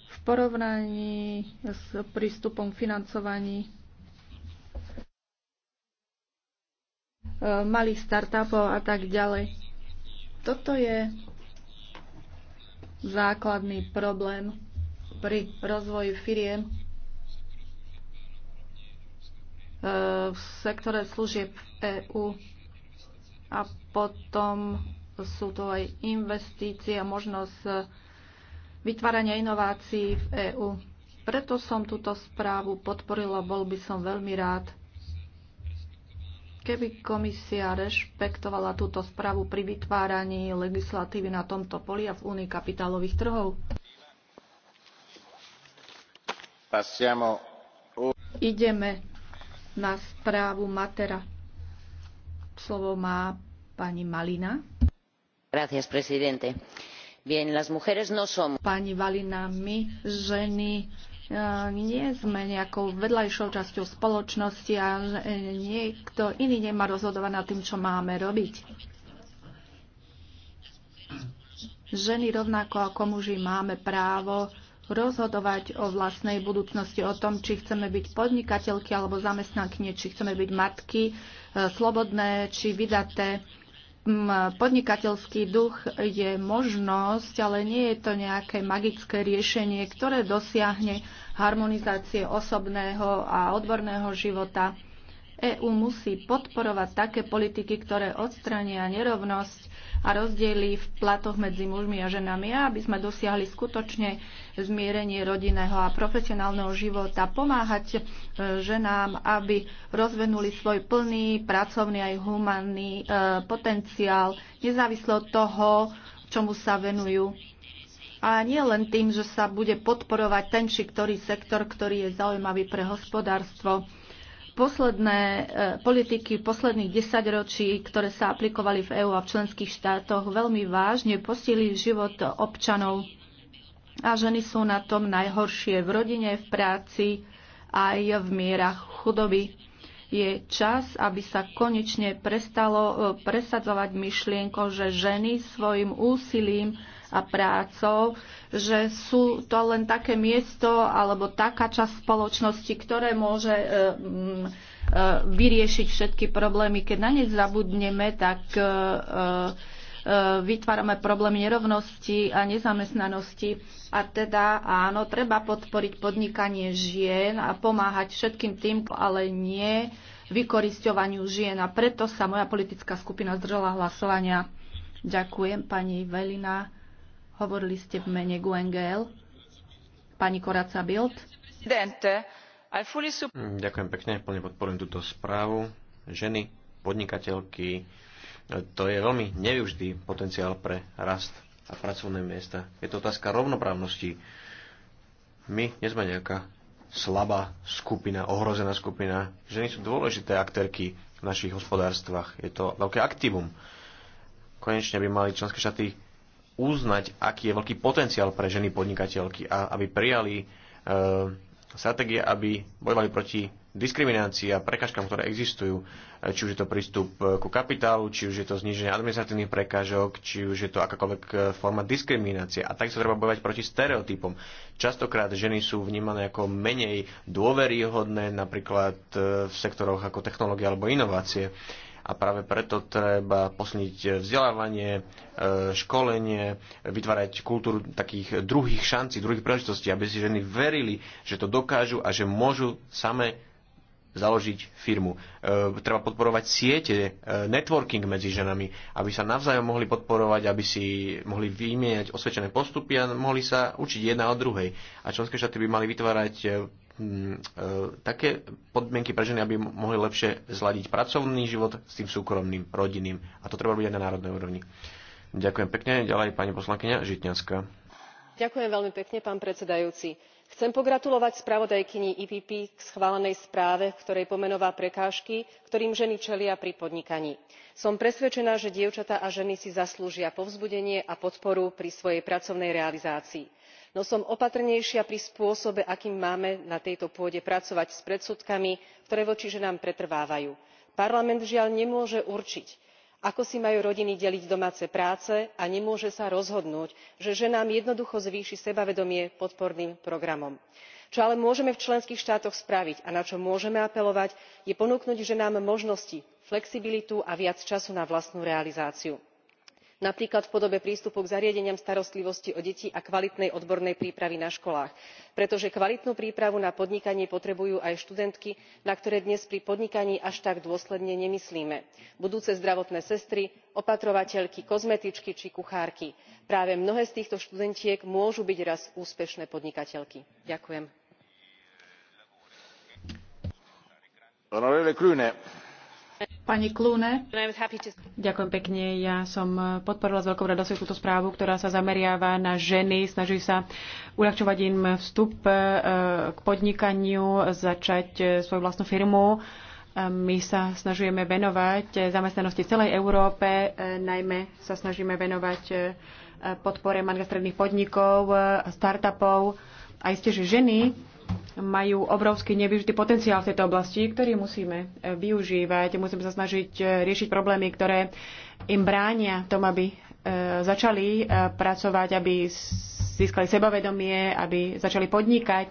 V porovnaní s prístupom financovaní E, malých startupov a tak ďalej. Toto je základný problém pri rozvoji firiem e, v sektore služieb EÚ a potom sú to aj investície a možnosť vytvárania inovácií v EÚ. Preto som túto správu podporila, bol by som veľmi rád, Keby komisia rešpektovala túto správu pri vytváraní legislatívy na tomto poli a v Únii kapitálových trhov? Passiamo. Ideme na správu Matera. Slovo má pani Malina. Gracias, presidente. Bien, las mujeres no somos. Pani Valina, my ženy nie sme nejakou vedľajšou časťou spoločnosti a niekto iný nemá rozhodovať nad tým, čo máme robiť. Ženy rovnako ako muži máme právo rozhodovať o vlastnej budúcnosti, o tom, či chceme byť podnikateľky alebo zamestnanky, či chceme byť matky, e, slobodné či vydaté. Mm, podnikateľský duch je možnosť, ale nie je to nejaké magické riešenie, ktoré dosiahne harmonizácie osobného a odborného života. EÚ musí podporovať také politiky, ktoré odstrania nerovnosť a rozdiely v platoch medzi mužmi a ženami, aby sme dosiahli skutočne zmierenie rodinného a profesionálneho života, pomáhať e, ženám, aby rozvenuli svoj plný pracovný aj humanný e, potenciál, nezávisle od toho, čomu sa venujú. A nie len tým, že sa bude podporovať ten či ktorý sektor, ktorý je zaujímavý pre hospodárstvo posledné eh, politiky posledných desaťročí, ktoré sa aplikovali v EÚ a v členských štátoch, veľmi vážne postihli život občanov. A ženy sú na tom najhoršie v rodine, v práci, aj v mierach chudoby. Je čas, aby sa konečne prestalo eh, presadzovať myšlienko, že ženy svojim úsilím a prácou že sú to len také miesto alebo taká časť spoločnosti, ktoré môže e, e, vyriešiť všetky problémy. Keď na ne zabudneme, tak e, vytvárame problémy nerovnosti a nezamestnanosti. A teda áno, treba podporiť podnikanie žien a pomáhať všetkým tým, ale nie vykorisťovaniu žien. A preto sa moja politická skupina zdržala hlasovania. Ďakujem pani Velina. Hovorili ste v mene Guengel. Pani Koraca Bild. Mm, ďakujem pekne, plne podporujem túto správu. Ženy, podnikateľky, e, to je veľmi nevyužitý potenciál pre rast a pracovné miesta. Je to otázka rovnoprávnosti. My nie sme nejaká slabá skupina, ohrozená skupina. Ženy sú dôležité aktérky v našich hospodárstvách. Je to veľké aktívum. Konečne by mali členské štáty uznať, aký je veľký potenciál pre ženy podnikateľky a aby prijali e, stratégie, aby bojovali proti diskriminácii a prekážkam, ktoré existujú, e, či už je to prístup e, ku kapitálu, či už je to zníženie administratívnych prekážok, či už je to akákoľvek e, forma diskriminácie. A takisto treba bojovať proti stereotypom. Častokrát ženy sú vnímané ako menej dôveryhodné, napríklad v sektoroch ako technológia alebo inovácie a práve preto treba posilniť vzdelávanie, e, školenie, vytvárať kultúru takých druhých šancí, druhých príležitostí, aby si ženy verili, že to dokážu a že môžu same založiť firmu. E, treba podporovať siete, e, networking medzi ženami, aby sa navzájom mohli podporovať, aby si mohli vymieňať osvedčené postupy a mohli sa učiť jedna od druhej. A členské štáty by mali vytvárať e, Mm, e, také podmienky pre ženy, aby mohli lepšie zladiť pracovný život s tým súkromným, rodinným. A to treba robiť aj na národnej úrovni. Ďakujem pekne. Ďalej pani poslankyňa Žitňanská. Ďakujem veľmi pekne, pán predsedajúci. Chcem pogratulovať spravodajkyni IPP k schválenej správe, v ktorej pomenová prekážky, ktorým ženy čelia pri podnikaní. Som presvedčená, že dievčatá a ženy si zaslúžia povzbudenie a podporu pri svojej pracovnej realizácii no som opatrnejšia pri spôsobe akým máme na tejto pôde pracovať s predsudkami ktoré voči ženám pretrvávajú. parlament žiaľ nemôže určiť ako si majú rodiny deliť domáce práce a nemôže sa rozhodnúť že ženám jednoducho zvýši sebavedomie podporným programom. čo ale môžeme v členských štátoch spraviť a na čo môžeme apelovať je ponúknuť ženám možnosti flexibilitu a viac času na vlastnú realizáciu napríklad v podobe prístupu k zariadeniam starostlivosti o deti a kvalitnej odbornej prípravy na školách pretože kvalitnú prípravu na podnikanie potrebujú aj študentky na ktoré dnes pri podnikaní až tak dôsledne nemyslíme budúce zdravotné sestry opatrovateľky kozmetičky či kuchárky. práve mnohé z týchto študentiek môžu byť raz úspešné podnikateľky. ďakujem. Pani Klúne, ďakujem pekne. Ja som podporila s veľkou radosťou túto správu, ktorá sa zameriava na ženy, snaží sa uľahčovať im vstup eh, k podnikaniu, začať eh, svoju vlastnú firmu. My sa snažujeme venovať eh, zamestnanosti celej Európe, najmä sa snažíme venovať podpore malých stredných podnikov, startupov. A isté, že ženy majú obrovský nevyužitý potenciál v tejto oblasti, ktorý musíme eh, využívať. Musíme sa snažiť eh, riešiť problémy, ktoré im bránia tom, aby eh, začali pracovať, aby získali sebavedomie, aby začali podnikať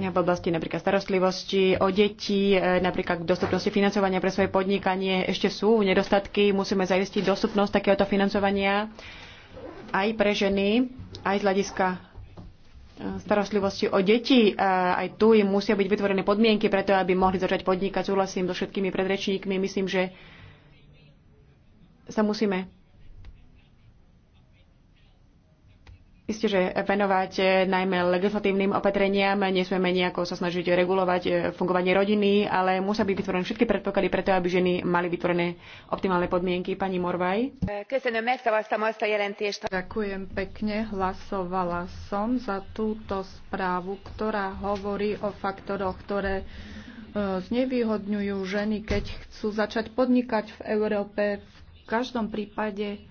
v oblasti napríklad starostlivosti o deti, napríklad k dostupnosti financovania pre svoje podnikanie. Ešte sú nedostatky, musíme zaistiť dostupnosť takéhoto financovania aj pre ženy, aj z hľadiska starostlivosti o deti. A aj tu im musia byť vytvorené podmienky preto, aby mohli začať podnikať. Súhlasím so všetkými predrečníkmi. Myslím, že sa musíme Isté, že venovať eh, najmä legislatívnym opatreniam, nesmieme nejako sa snažiť regulovať eh, fungovanie rodiny, ale musia byť vytvorené všetky predpoklady preto, aby ženy mali vytvorené optimálne podmienky. Pani Morvaj. Ďakujem pekne. Hlasovala som za túto správu, ktorá hovorí o faktoroch, ktoré eh, znevýhodňujú ženy, keď chcú začať podnikať v Európe. V každom prípade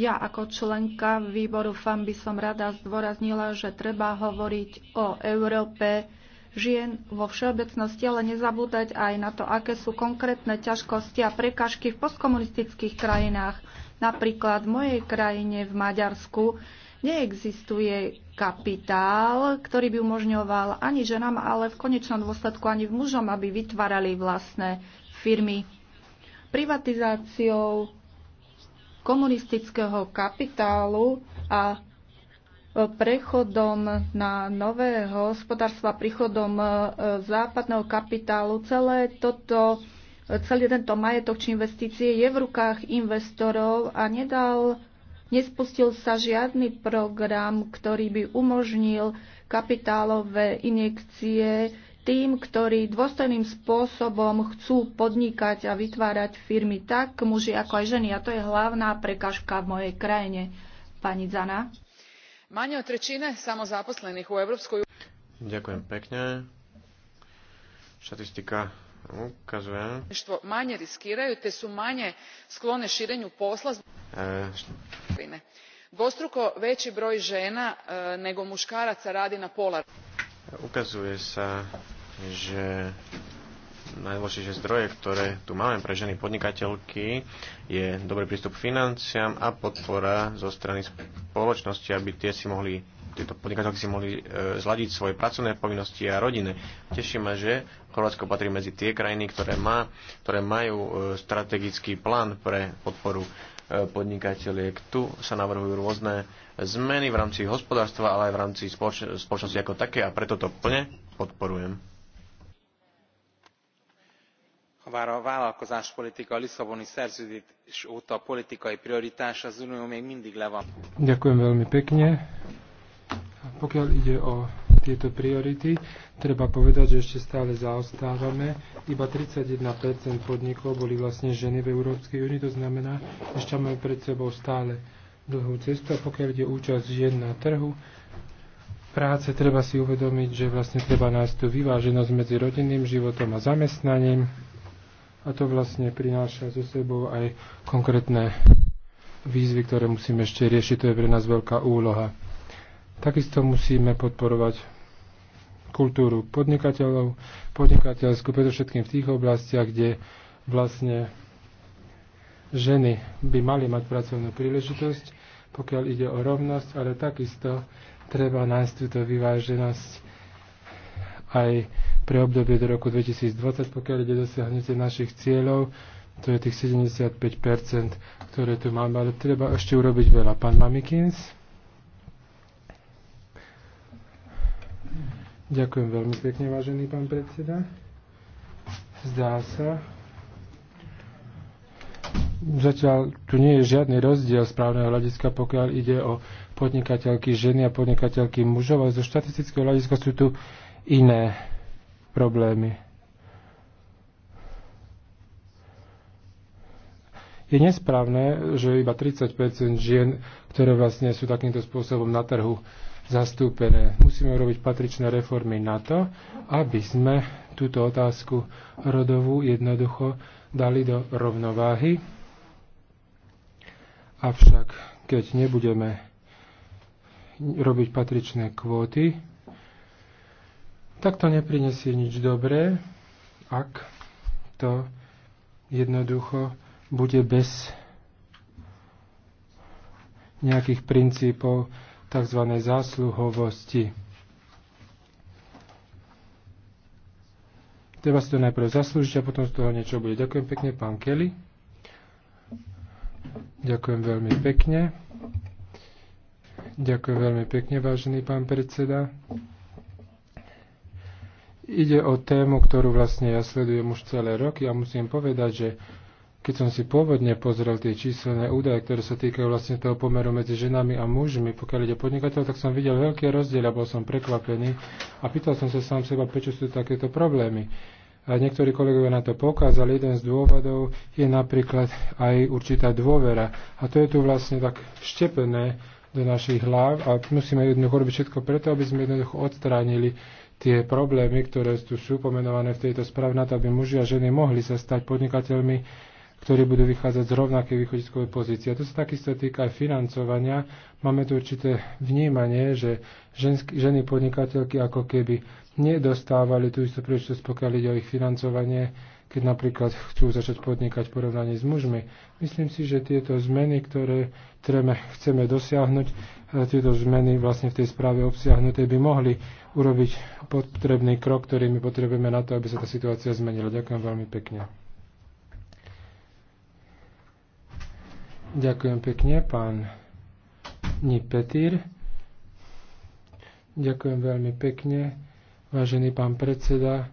ja ako členka výboru FAM by som rada zdôraznila, že treba hovoriť o Európe žien vo všeobecnosti, ale nezabúdať aj na to, aké sú konkrétne ťažkosti a prekažky v postkomunistických krajinách. Napríklad v mojej krajine v Maďarsku neexistuje kapitál, ktorý by umožňoval ani ženám, ale v konečnom dôsledku ani v mužom, aby vytvárali vlastné firmy. Privatizáciou komunistického kapitálu a e, prechodom na nové hospodárstva, príchodom e, západného kapitálu, celé toto, e, celý tento majetok či investície je v rukách investorov a nedal, nespustil sa žiadny program, ktorý by umožnil kapitálové injekcie tým, ktorí dôstojným spôsobom chcú podnikať a vytvárať firmy tak muži ako aj ženy. A to je hlavná prekažka v mojej krajine. Pani Zana. Manje o trečine samozáposlených u Európskoj Ďakujem pekne. Štatistika ukazuje. Manje riskiraju, te sú manje sklone širenju posla. E... Dvostruko veći broj žena e, nego muškaraca radi na pola Ukazuje sa, že najdôležitejšie zdroje, ktoré tu máme pre ženy podnikateľky, je dobrý prístup k financiám a podpora zo strany spoločnosti, aby tie si mohli tieto podnikateľky si mohli e, zladiť svoje pracovné povinnosti a rodiny. Teší ma, že Chorvátsko patrí medzi tie krajiny, ktoré, má, ktoré majú e, strategický plán pre podporu podnikateľiek. Tu sa navrhujú rôzne zmeny v rámci hospodárstva, ale aj v rámci spoloč- spoločnosti ako také a preto to plne podporujem. Bár a vállalkozás politika a Lisszaboni szerződés óta a politikai prioritás, az Unió még mindig le van. Ďakujem veľmi pekne. Pokiaľ ide o tieto priority. Treba povedať, že ešte stále zaostávame. Iba 31% podnikov boli vlastne ženy v Európskej únii, to znamená, ešte máme pred sebou stále dlhú cestu a pokiaľ ide účasť žien na trhu, práce treba si uvedomiť, že vlastne treba nájsť tú vyváženosť medzi rodinným životom a zamestnaním a to vlastne prináša so sebou aj konkrétne výzvy, ktoré musíme ešte riešiť. To je pre nás veľká úloha. Takisto musíme podporovať kultúru podnikateľov, podnikateľskú, predovšetkým v tých oblastiach, kde vlastne ženy by mali mať pracovnú príležitosť, pokiaľ ide o rovnosť, ale takisto treba nájsť túto vyváženosť aj pre obdobie do roku 2020, pokiaľ ide dosiahnutie našich cieľov, to je tých 75%, ktoré tu máme, ale treba ešte urobiť veľa. Pán Mamikins? Ďakujem veľmi pekne, vážený pán predseda. Zdá sa, zatiaľ tu nie je žiadny rozdiel správneho hľadiska, pokiaľ ide o podnikateľky ženy a podnikateľky mužov, ale zo štatistického hľadiska sú tu iné problémy. Je nesprávne, že iba 30 žien, ktoré vlastne sú takýmto spôsobom na trhu, zastúpené. Musíme urobiť patričné reformy na to, aby sme túto otázku rodovú jednoducho dali do rovnováhy. Avšak keď nebudeme robiť patričné kvóty, tak to neprinesie nič dobré, ak to jednoducho bude bez nejakých princípov tzv. zásluhovosti. Treba si to najprv zaslúžiť a potom z toho niečo bude. Ďakujem pekne, pán Kelly. Ďakujem veľmi pekne. Ďakujem veľmi pekne, vážený pán predseda. Ide o tému, ktorú vlastne ja sledujem už celé roky a musím povedať, že keď som si pôvodne pozrel tie číselné údaje, ktoré sa týkajú vlastne toho pomeru medzi ženami a mužmi, pokiaľ ide podnikateľ, tak som videl veľký rozdiel a bol som prekvapený a pýtal som sa sám seba, prečo sú takéto problémy. A niektorí kolegovia na to pokázali. Jeden z dôvodov je napríklad aj určitá dôvera. A to je tu vlastne tak vštepené do našich hlav a musíme jednoducho robiť všetko preto, aby sme jednoducho odstránili tie problémy, ktoré tu sú pomenované v tejto správe, na to, aby muži a ženy mohli sa stať podnikateľmi ktorí budú vychádzať z rovnakej východiskovej pozície. A to sa takisto týka aj financovania. Máme tu určité vnímanie, že žensk, ženy podnikateľky ako keby nedostávali tú istú príležitosť, pokiaľ ide o ich financovanie, keď napríklad chcú začať podnikať v porovnaní s mužmi. Myslím si, že tieto zmeny, ktoré ktoré chceme dosiahnuť, eh, tieto zmeny vlastne v tej správe obsiahnuté by mohli urobiť potrebný krok, ktorý my potrebujeme na to, aby sa tá situácia zmenila. Ďakujem veľmi pekne. Ďakujem pekne, pán Nipetír. Ďakujem veľmi pekne, vážený pán predseda.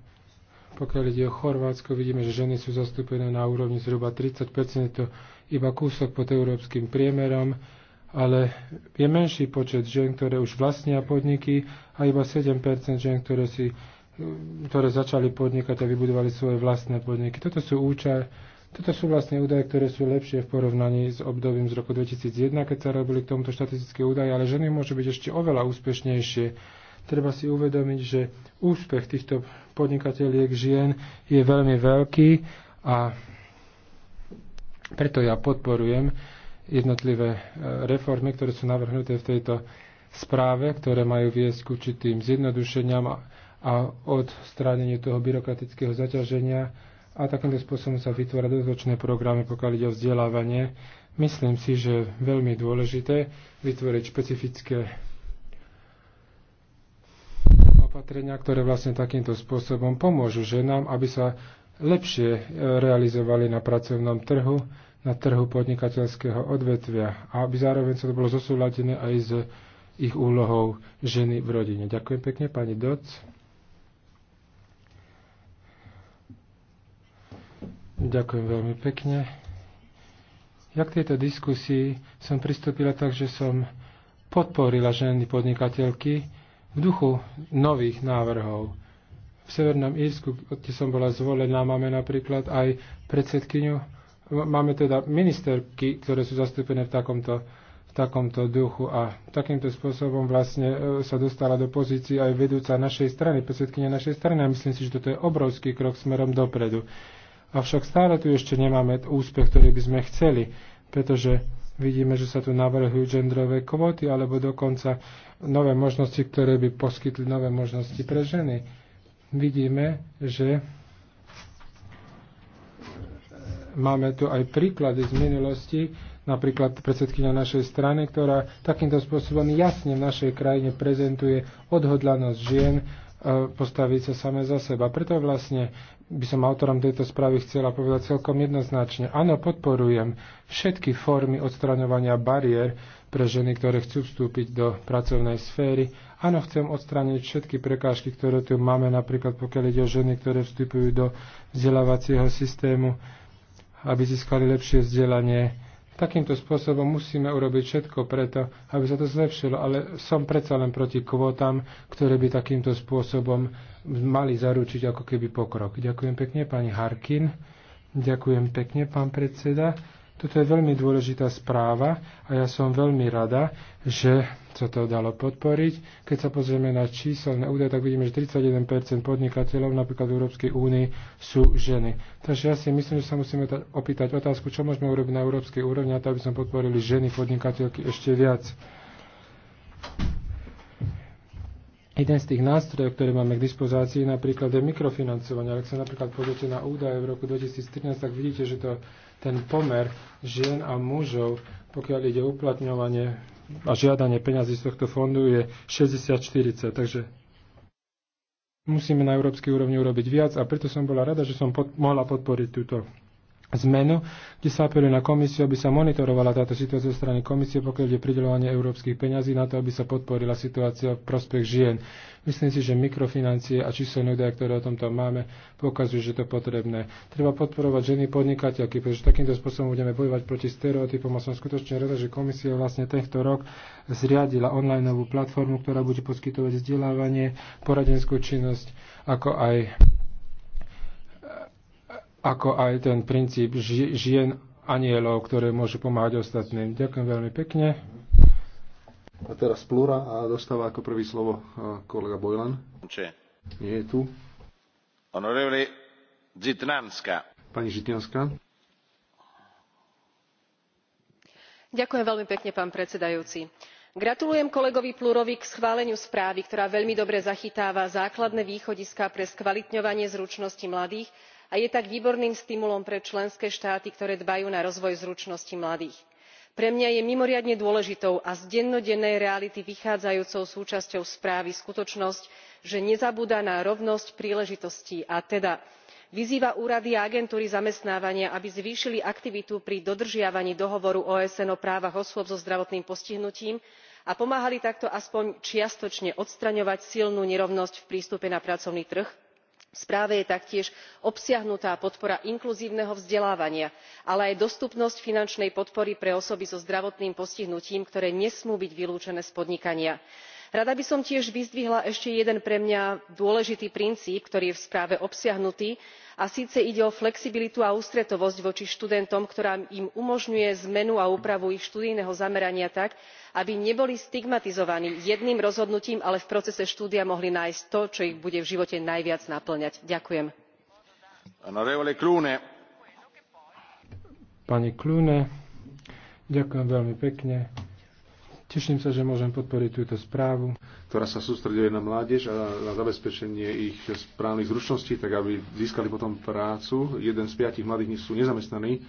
Pokiaľ ide o Chorvátsko, vidíme, že ženy sú zastúpené na úrovni zhruba 30 je to iba kúsok pod európskym priemerom, ale je menší počet žien, ktoré už vlastnia podniky a iba 7 žien, ktoré, si, ktoré začali podnikať a vybudovali svoje vlastné podniky. Toto sú účaje toto sú vlastne údaje, ktoré sú lepšie v porovnaní s obdobím z roku 2001, keď sa robili k tomuto štatistické údaje, ale ženy môžu byť ešte oveľa úspešnejšie. Treba si uvedomiť, že úspech týchto podnikateľiek žien je veľmi veľký a preto ja podporujem jednotlivé e, reformy, ktoré sú navrhnuté v tejto správe, ktoré majú viesť k určitým zjednodušeniam a odstráneniu toho byrokratického zaťaženia a takýmto spôsobom sa vytvára dodatočné programy, pokiaľ ide o vzdelávanie. Myslím si, že je veľmi dôležité vytvoriť špecifické opatrenia, ktoré vlastne takýmto spôsobom pomôžu ženám, aby sa lepšie e, realizovali na pracovnom trhu, na trhu podnikateľského odvetvia a aby zároveň sa to bolo zosúladené aj s ich úlohou ženy v rodine. Ďakujem pekne, pani Doc. Ďakujem veľmi pekne. Ja k tejto diskusii som pristúpila tak, že som podporila ženy podnikateľky v duchu nových návrhov. V Severnom Írsku, kde som bola zvolená, máme napríklad aj predsedkyňu, máme teda ministerky, ktoré sú zastúpené v takomto, v takomto duchu a takýmto spôsobom vlastne e, sa dostala do pozície aj vedúca našej strany, predsedkynia našej strany a myslím si, že toto je obrovský krok smerom dopredu. Avšak stále tu ešte nemáme úspech, ktorý by sme chceli, pretože vidíme, že sa tu navrhujú genderové kvóty alebo dokonca nové možnosti, ktoré by poskytli nové možnosti pre ženy. Vidíme, že máme tu aj príklady z minulosti, napríklad predsedkynia našej strany, ktorá takýmto spôsobom jasne v našej krajine prezentuje odhodlanosť žien e, postaviť sa same za seba. Preto vlastne by som autorom tejto správy chcela povedať celkom jednoznačne. Áno, podporujem všetky formy odstraňovania bariér pre ženy, ktoré chcú vstúpiť do pracovnej sféry. Áno, chcem odstrániť všetky prekážky, ktoré tu máme, napríklad pokiaľ ide o ženy, ktoré vstupujú do vzdelávacieho systému, aby získali lepšie vzdelanie Takýmto spôsobom musíme urobiť všetko preto, aby sa to zlepšilo, ale som predsa len proti kvótam, ktoré by takýmto spôsobom mali zaručiť ako keby pokrok. Ďakujem pekne, pani Harkin. Ďakujem pekne, pán predseda. Toto je veľmi dôležitá správa a ja som veľmi rada, že sa to dalo podporiť. Keď sa pozrieme na číselné údaje, tak vidíme, že 31% podnikateľov napríklad v Európskej únii sú ženy. Takže ja si myslím, že sa musíme opýtať otázku, čo môžeme urobiť na európskej úrovni, a to aby sme podporili ženy podnikateľky ešte viac. Jeden z tých nástrojov, ktoré máme k dispozácii, napríklad je mikrofinancovanie. Ak sa napríklad pozrite na údaje v roku 2013, tak vidíte, že to ten pomer žien a mužov, pokiaľ ide uplatňovanie a žiadanie peňazí z tohto fondu je 60-40. Takže musíme na európskej úrovni urobiť viac a preto som bola rada, že som pod, mohla podporiť túto zmenu, kde sa apeluje na komisiu, aby sa monitorovala táto situácia zo strany komisie, pokiaľ je pridelovanie európskych peňazí na to, aby sa podporila situácia v prospech žien. Myslím si, že mikrofinancie a číselné údaje, ktoré o tomto máme, pokazujú, že to potrebné. Treba podporovať ženy podnikateľky, pretože takýmto spôsobom budeme bojovať proti stereotypom a som skutočne rada, že komisia vlastne tento rok zriadila online platformu, ktorá bude poskytovať vzdelávanie, poradenskú činnosť, ako aj ako aj ten princíp žien anielov, ktoré môžu pomáhať ostatným. Ďakujem veľmi pekne. A teraz Plura a dostáva ako prvý slovo kolega Bojlan. Nie je tu. Honorevole Zitnanska. Pani Žitňanská. Ďakujem veľmi pekne, pán predsedajúci gratulujem kolegovi plurovi k schváleniu správy ktorá veľmi dobre zachytáva základné východiska pre skvalitňovanie zručnosti mladých a je tak výborným stimulom pre členské štáty ktoré dbajú na rozvoj zručností mladých. pre mňa je mimoriadne dôležitou a z dennodennej reality vychádzajúcou súčasťou správy skutočnosť že nezabúda na rovnosť príležitostí a teda vyzýva úrady a agentúry zamestnávania aby zvýšili aktivitu pri dodržiavaní dohovoru osn o právach osôb so zdravotným postihnutím a pomáhali takto aspoň čiastočne odstraňovať silnú nerovnosť v prístupe na pracovný trh v správe je taktiež obsiahnutá podpora inkluzívneho vzdelávania ale aj dostupnosť finančnej podpory pre osoby so zdravotným postihnutím ktoré nesmú byť vylúčené z podnikania. rada by som tiež vyzdvihla ešte jeden pre mňa dôležitý princíp ktorý je v správe obsiahnutý a síce ide o flexibilitu a ústretovosť voči študentom ktorá im umožňuje zmenu a úpravu ich študijného zamerania tak aby neboli stigmatizovaní jedným rozhodnutím ale v procese štúdia mohli nájsť to čo ich bude v živote najviac napĺňať. ďakujem. pani ďakujem veľmi pekne. Teším sa, že môžem podporiť túto správu. Ktorá sa sústreduje na mládež a na zabezpečenie ich správnych zručností, tak aby získali potom prácu. Jeden z piatich mladých sú nezamestnaní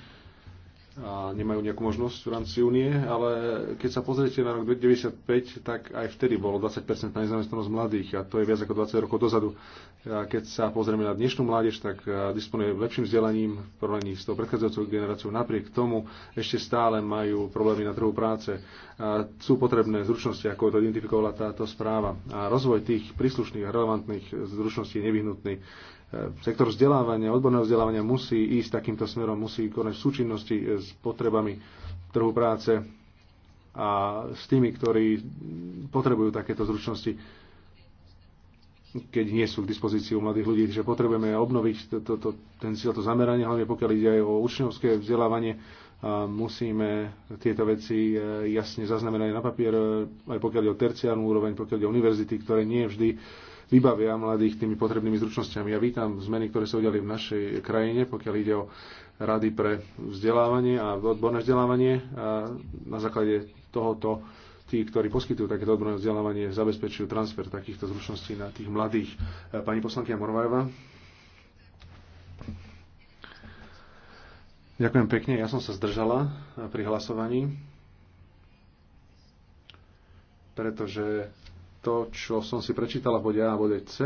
a nemajú nejakú možnosť v rámci únie, ale keď sa pozriete na rok 1995, tak aj vtedy bolo 20% nezamestnanosť mladých a to je viac ako 20 rokov dozadu. A keď sa pozrieme na dnešnú mládež, tak disponuje lepším vzdelaním v porovnaní s tou predchádzajúcou generáciou. Napriek tomu ešte stále majú problémy na trhu práce. A sú potrebné zručnosti, ako to identifikovala táto správa. A rozvoj tých príslušných a relevantných zručností je nevyhnutný. E, sektor vzdelávania, odborného vzdelávania musí ísť takýmto smerom, musí konať v súčinnosti e, s potrebami trhu práce a s tými, ktorí potrebujú takéto zručnosti, keď nie sú k dispozícii u mladých ľudí. Takže potrebujeme obnoviť to, to, to, ten cieľ, to zameranie, hlavne pokiaľ ide aj o učňovské vzdelávanie. A musíme tieto veci e, jasne zaznamenať na papier, aj pokiaľ ide o terciárnu úroveň, pokiaľ ide o univerzity, ktoré nie vždy vybavia mladých tými potrebnými zručnosťami. Ja vítam zmeny, ktoré sa udiali v našej krajine, pokiaľ ide o rady pre vzdelávanie a odborné vzdelávanie. A na základe tohoto tí, ktorí poskytujú takéto odborné vzdelávanie, zabezpečujú transfer takýchto zručností na tých mladých. Pani poslankyňa Morvajová. Ďakujem pekne. Ja som sa zdržala pri hlasovaní, pretože to, čo som si prečítala v bode A a bode C,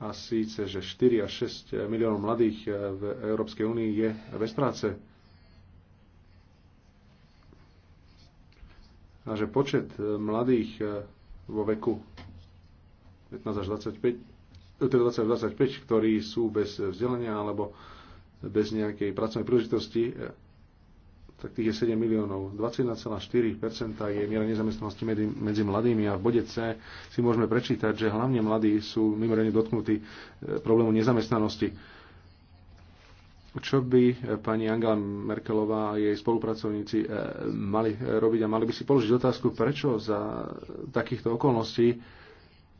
a síce, že 4 až 6 miliónov mladých v Európskej únii je bez práce. A že počet mladých vo veku 15 až 25, eh, teda 20 až 25, ktorí sú bez vzdelania alebo bez nejakej pracovnej príležitosti, eh, tak tých je 7 miliónov. 21,4% je miera nezamestnanosti medzi, medzi mladými a v bode C si môžeme prečítať, že hlavne mladí sú mimoriadne dotknutí e, problému nezamestnanosti. Čo by e, pani Angela Merkelová a jej spolupracovníci e, mali robiť a mali by si položiť otázku, prečo za takýchto okolností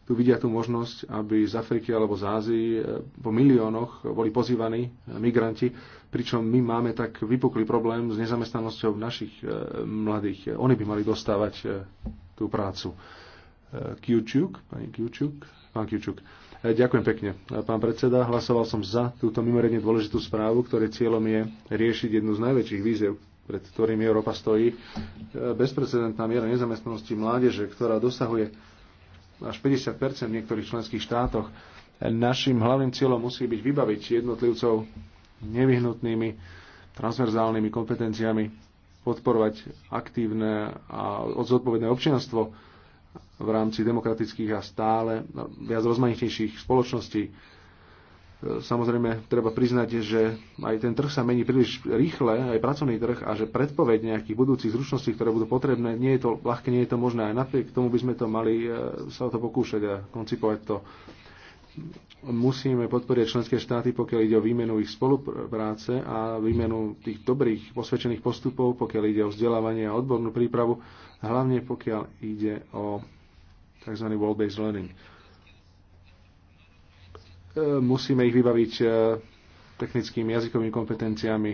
tu vidia tú možnosť, aby z Afriky alebo z Ázii eh, po miliónoch boli pozývaní eh, migranti, pričom my máme tak vypuklý problém s nezamestnanosťou našich eh, mladých. Oni by mali dostávať tú prácu. Kiučuk, pani Kiučuk, pán Kiučuk. Ďakujem pekne. Pán predseda, hlasoval som za túto mimoriadne dôležitú správu, ktorej cieľom je riešiť jednu z najväčších víziev, pred ktorými Európa stojí. Bezprecedentná miera nezamestnanosti mládeže, ktorá dosahuje až 50 v niektorých členských štátoch. Našim hlavným cieľom musí byť vybaviť jednotlivcov nevyhnutnými transverzálnymi kompetenciami, podporovať aktívne a zodpovedné občianstvo v rámci demokratických a stále viac rozmanitejších spoločností Samozrejme, treba priznať, že aj ten trh sa mení príliš rýchle, aj pracovný trh, a že predpoveď nejakých budúcich zručností, ktoré budú potrebné, nie je to ľahké, nie je to možné. Aj napriek tomu by sme to mali e, sa o to pokúšať a koncipovať to. Musíme podporiť členské štáty, pokiaľ ide o výmenu ich spolupráce a výmenu tých dobrých posvedčených postupov, pokiaľ ide o vzdelávanie a odbornú prípravu, hlavne pokiaľ ide o tzv. wall-based learning. E, musíme ich vybaviť e, technickými jazykovými kompetenciami,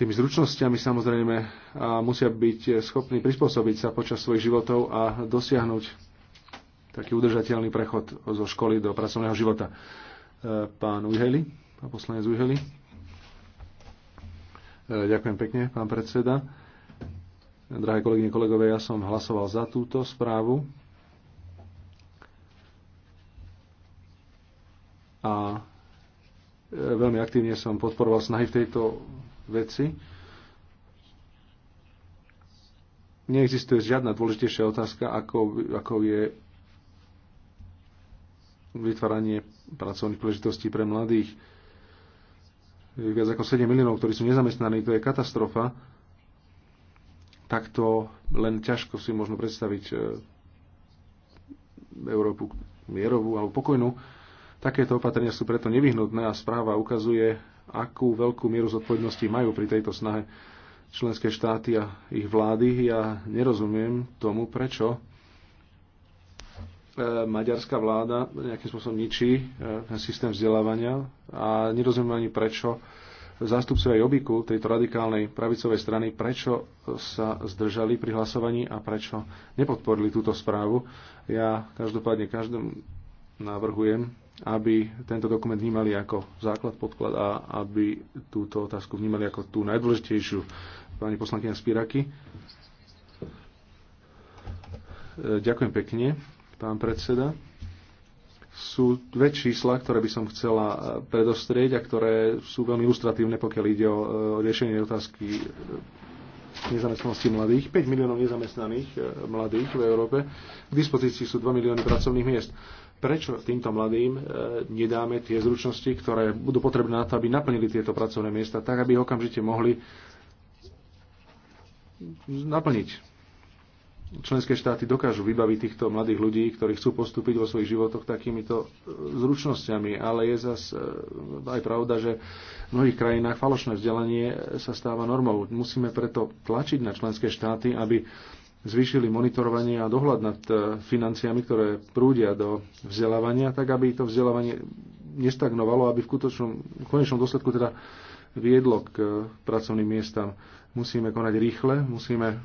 tými zručnosťami samozrejme a musia byť e, schopní prispôsobiť sa počas svojich životov a dosiahnuť taký udržateľný prechod zo školy do pracovného života. Pán Ujheli, pán poslanec Ujheli. Ďakujem pekne, pán predseda. Drahé kolegyne, kolegové, ja som hlasoval za túto správu a e, veľmi aktívne som podporoval snahy v tejto veci. Neexistuje žiadna dôležitejšia otázka, ako, ako je vytváranie pracovných príležitostí pre mladých. Viac ako 7 miliónov, ktorí sú nezamestnaní, to je katastrofa. Takto len ťažko si možno predstaviť e, Európu mierovú alebo pokojnú Takéto opatrenia sú preto nevyhnutné a správa ukazuje, akú veľkú mieru zodpovednosti majú pri tejto snahe členské štáty a ich vlády. Ja nerozumiem tomu, prečo e, maďarská vláda nejakým spôsobom ničí e, ten systém vzdelávania a nerozumiem ani prečo zástupcovia Jobiku, tejto radikálnej pravicovej strany, prečo sa zdržali pri hlasovaní a prečo nepodporili túto správu. Ja každopádne každému navrhujem, aby tento dokument vnímali ako základ, podklad a aby túto otázku vnímali ako tú najdôležitejšiu. Pani poslankyňa Spiraky. E, ďakujem pekne, pán predseda. Sú dve čísla, ktoré by som chcela e, predostrieť a ktoré sú veľmi ilustratívne, pokiaľ ide o e, riešenie otázky nezamestnanosti mladých. 5 miliónov nezamestnaných mladých v Európe. K dispozícii sú 2 milióny pracovných miest prečo týmto mladým e, nedáme tie zručnosti, ktoré budú potrebné na to, aby naplnili tieto pracovné miesta, tak aby okamžite mohli naplniť. Členské štáty dokážu vybaviť týchto mladých ľudí, ktorí chcú postúpiť vo svojich životoch takýmito e, zručnosťami, ale je zas e, aj pravda, že v mnohých krajinách falošné vzdelanie sa stáva normou. Musíme preto tlačiť na členské štáty, aby zvýšili monitorovanie a dohľad nad e, financiami, ktoré prúdia do vzdelávania, tak aby to vzdelávanie nestagnovalo, aby v, kutočnom, v konečnom dôsledku teda viedlo k e, pracovným miestam. Musíme konať rýchle, musíme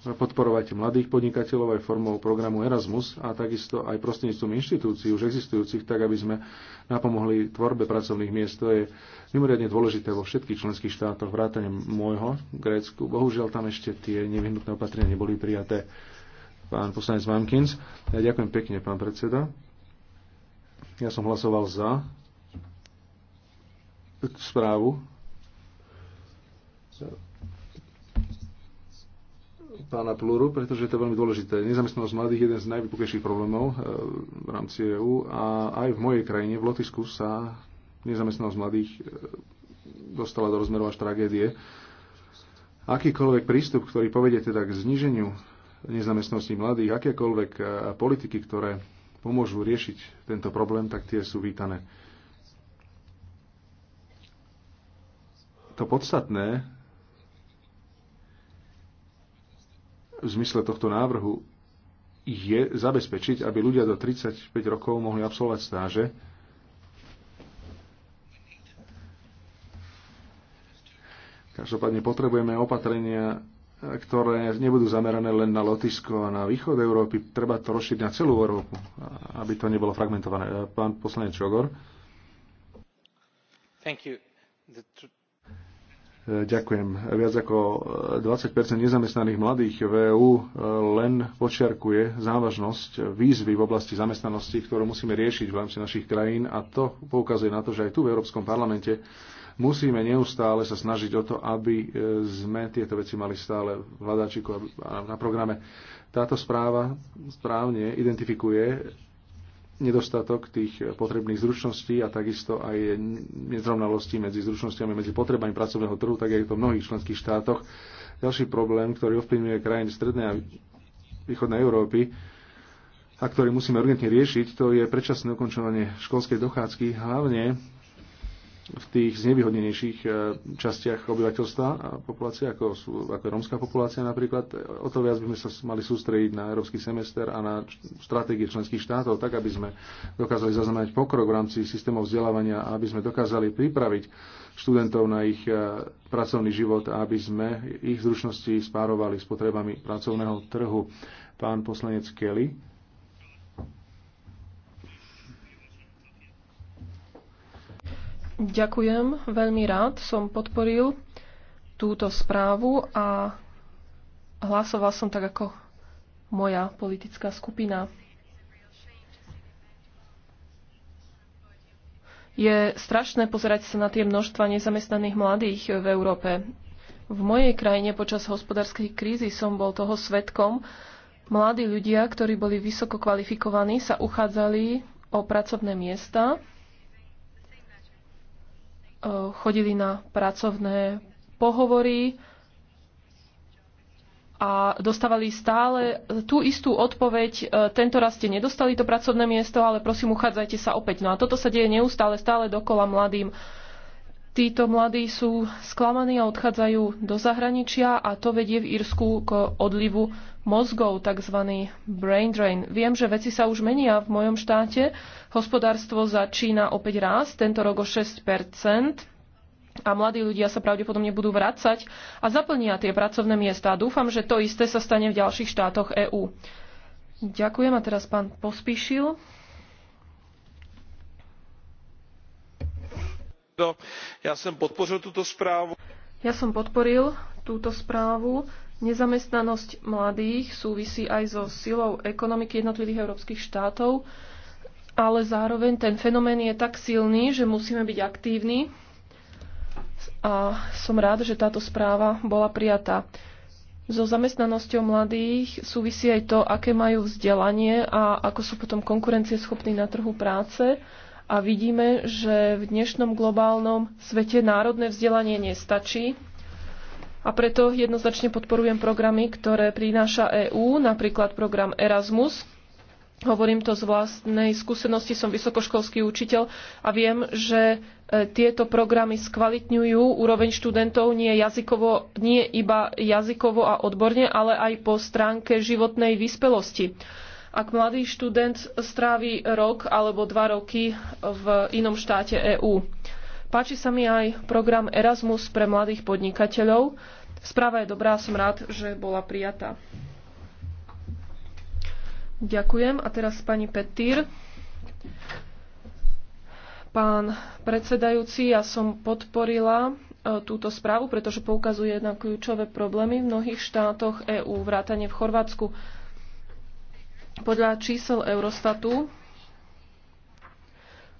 podporovať mladých podnikateľov aj formou programu Erasmus a takisto aj prostredníctvom inštitúcií už existujúcich, tak aby sme napomohli tvorbe pracovných miest. To je mimoriadne dôležité vo všetkých členských štátoch, vrátane môjho, Grécku. Bohužiaľ tam ešte tie nevyhnutné opatrenia neboli prijaté. Pán poslanec Mankins, ja ďakujem pekne, pán predseda. Ja som hlasoval za správu pána Pluru, pretože je to veľmi dôležité. Nezamestnanosť mladých je jeden z najvypuklejších problémov eh, v rámci EÚ a aj v mojej krajine, v Lotisku, sa nezamestnanosť mladých eh, dostala do rozmerov až tragédie. Akýkoľvek prístup, ktorý povedie teda k zniženiu nezamestnosti mladých, akékoľvek eh, politiky, ktoré pomôžu riešiť tento problém, tak tie sú vítané. To podstatné v zmysle tohto návrhu je zabezpečiť, aby ľudia do 35 rokov mohli absolvovať stáže. Každopádne potrebujeme opatrenia, ktoré nebudú zamerané len na Lotisko a na východ Európy. Treba to rozšíriť na celú Európu, aby to nebolo fragmentované. Pán poslanec Čogor. Thank you. The Ďakujem. Viac ako 20 e, nezamestnaných mladých v EÚ e, len počiarkuje závažnosť výzvy v oblasti zamestnanosti, ktorú musíme riešiť v rámci našich krajín a to poukazuje na to, že aj tu v Európskom parlamente musíme neustále sa snažiť o to, aby e, sme tieto veci mali stále v hľadáčiku a na programe. Táto správa správne identifikuje nedostatok tých potrebných zručností a takisto aj nezrovnalosti medzi zručnosťami, medzi potrebami pracovného trhu, tak je to v mnohých členských štátoch. Ďalší problém, ktorý ovplyvňuje krajiny strednej a východnej Európy a ktorý musíme urgentne riešiť, to je predčasné ukončovanie školskej dochádzky, hlavne v tých znevýhodnenejších e, častiach obyvateľstva a populácie, ako, sú, ako je rómska populácia napríklad. O to viac by sme sa mali sústrediť na európsky semester a na stratégie členských štátov, tak aby sme dokázali zaznamenať pokrok v rámci systémov vzdelávania a aby sme dokázali pripraviť študentov na ich e, pracovný život a aby sme ich zručnosti spárovali s potrebami pracovného trhu. Pán poslanec Kelly. Ďakujem, veľmi rád som podporil túto správu a hlasoval som tak ako moja politická skupina. Je strašné pozerať sa na tie množstva nezamestnaných mladých v Európe. V mojej krajine počas hospodárskej krízy som bol toho svetkom. Mladí ľudia, ktorí boli vysoko kvalifikovaní, sa uchádzali o pracovné miesta chodili na pracovné pohovory a dostávali stále tú istú odpoveď. E, tento raz ste nedostali to pracovné miesto, ale prosím, uchádzajte sa opäť. No a toto sa deje neustále, stále dokola mladým. Títo mladí sú sklamaní a odchádzajú do zahraničia a to vedie v Írsku k odlivu mozgov, tzv. brain drain. Viem, že veci sa už menia v mojom štáte. Hospodárstvo začína opäť raz, tento rok o 6 a mladí ľudia sa pravdepodobne budú vracať a zaplnia tie pracovné miesta. A dúfam, že to isté sa stane v ďalších štátoch EÚ. Ďakujem a teraz pán Pospíšil. Ja som podporil túto správu. Ja som podporil túto správu Nezamestnanosť mladých súvisí aj so silou ekonomiky jednotlivých európskych štátov, ale zároveň ten fenomén je tak silný, že musíme byť aktívni. A som rád, že táto správa bola prijatá. So zamestnanosťou mladých súvisí aj to, aké majú vzdelanie a ako sú potom konkurencieschopní na trhu práce. A vidíme, že v dnešnom globálnom svete národné vzdelanie nestačí a preto jednoznačne podporujem programy, ktoré prináša EÚ, napríklad program Erasmus. Hovorím to z vlastnej skúsenosti, som vysokoškolský učiteľ a viem, že e, tieto programy skvalitňujú úroveň študentov nie, jazykovo, nie iba jazykovo a odborne, ale aj po stránke životnej vyspelosti. Ak mladý študent strávi rok alebo dva roky v inom štáte EÚ. Páči sa mi aj program Erasmus pre mladých podnikateľov. Správa je dobrá, som rád, že bola prijatá. Ďakujem. A teraz pani Petýr. Pán predsedajúci, ja som podporila e, túto správu, pretože poukazuje na kľúčové problémy v mnohých štátoch EÚ, vrátane v Chorvátsku. Podľa čísel Eurostatu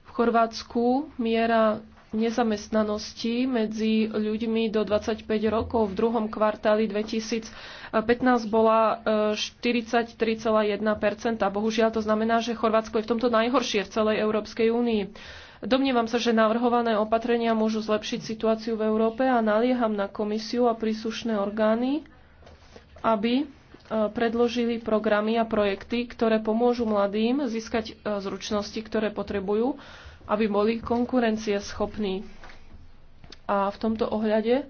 v Chorvátsku miera nezamestnanosti medzi ľuďmi do 25 rokov v druhom kvartáli 2015 bola 43,1 e, Bohužiaľ to znamená, že Chorvátsko je v tomto najhoršie v celej Európskej únii. Domnievam sa, že navrhované opatrenia môžu zlepšiť situáciu v Európe a nalieham na komisiu a príslušné orgány, aby e, predložili programy a projekty, ktoré pomôžu mladým získať e, zručnosti, ktoré potrebujú aby boli konkurencieschopní. A v tomto ohľade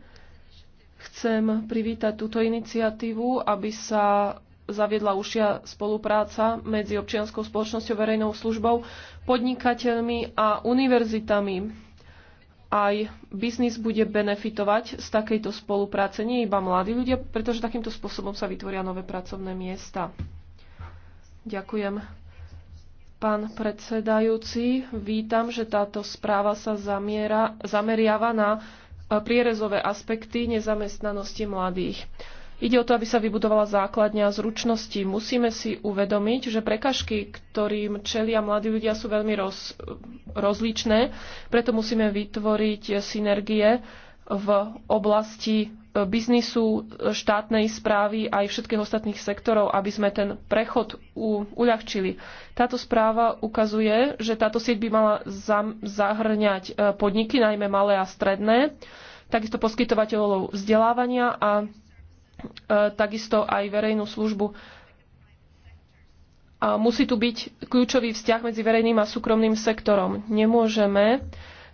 chcem privítať túto iniciatívu, aby sa zaviedla užšia spolupráca medzi občianskou spoločnosťou, verejnou službou, podnikateľmi a univerzitami. Aj biznis bude benefitovať z takejto spolupráce, nie iba mladí ľudia, pretože takýmto spôsobom sa vytvoria nové pracovné miesta. Ďakujem. Pán predsedajúci, vítam, že táto správa sa zamiera, zameriava na e, prierezové aspekty nezamestnanosti mladých. Ide o to, aby sa vybudovala základňa zručnosti. Musíme si uvedomiť, že prekažky, ktorým čelia mladí ľudia, sú veľmi roz, rozličné, preto musíme vytvoriť synergie v oblasti biznisu, štátnej správy aj všetkých ostatných sektorov, aby sme ten prechod uľahčili. Táto správa ukazuje, že táto sieť by mala zahrňať e, podniky, najmä malé a stredné, takisto poskytovateľov vzdelávania a e, takisto aj verejnú službu. A musí tu byť kľúčový vzťah medzi verejným a súkromným sektorom. Nemôžeme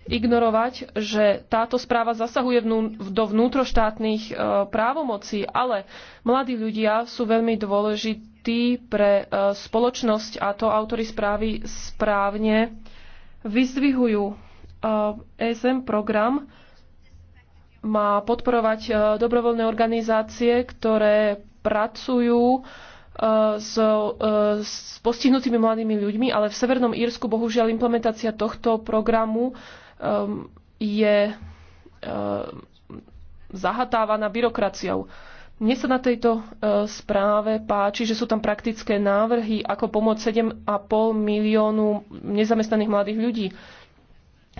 ignorovať, že táto správa zasahuje vnú, do vnútroštátnych e, právomocí, ale mladí ľudia sú veľmi dôležití pre e, spoločnosť a to autory správy správne vyzdvihujú. E, ESM program má podporovať e, dobrovoľné organizácie, ktoré pracujú e, s, e, s postihnutými mladými ľuďmi, ale v Severnom Írsku bohužiaľ implementácia tohto programu Um, je um, zahatávaná byrokraciou. Mne sa na tejto uh, správe páči, že sú tam praktické návrhy, ako pomôcť 7,5 miliónu nezamestnaných mladých ľudí.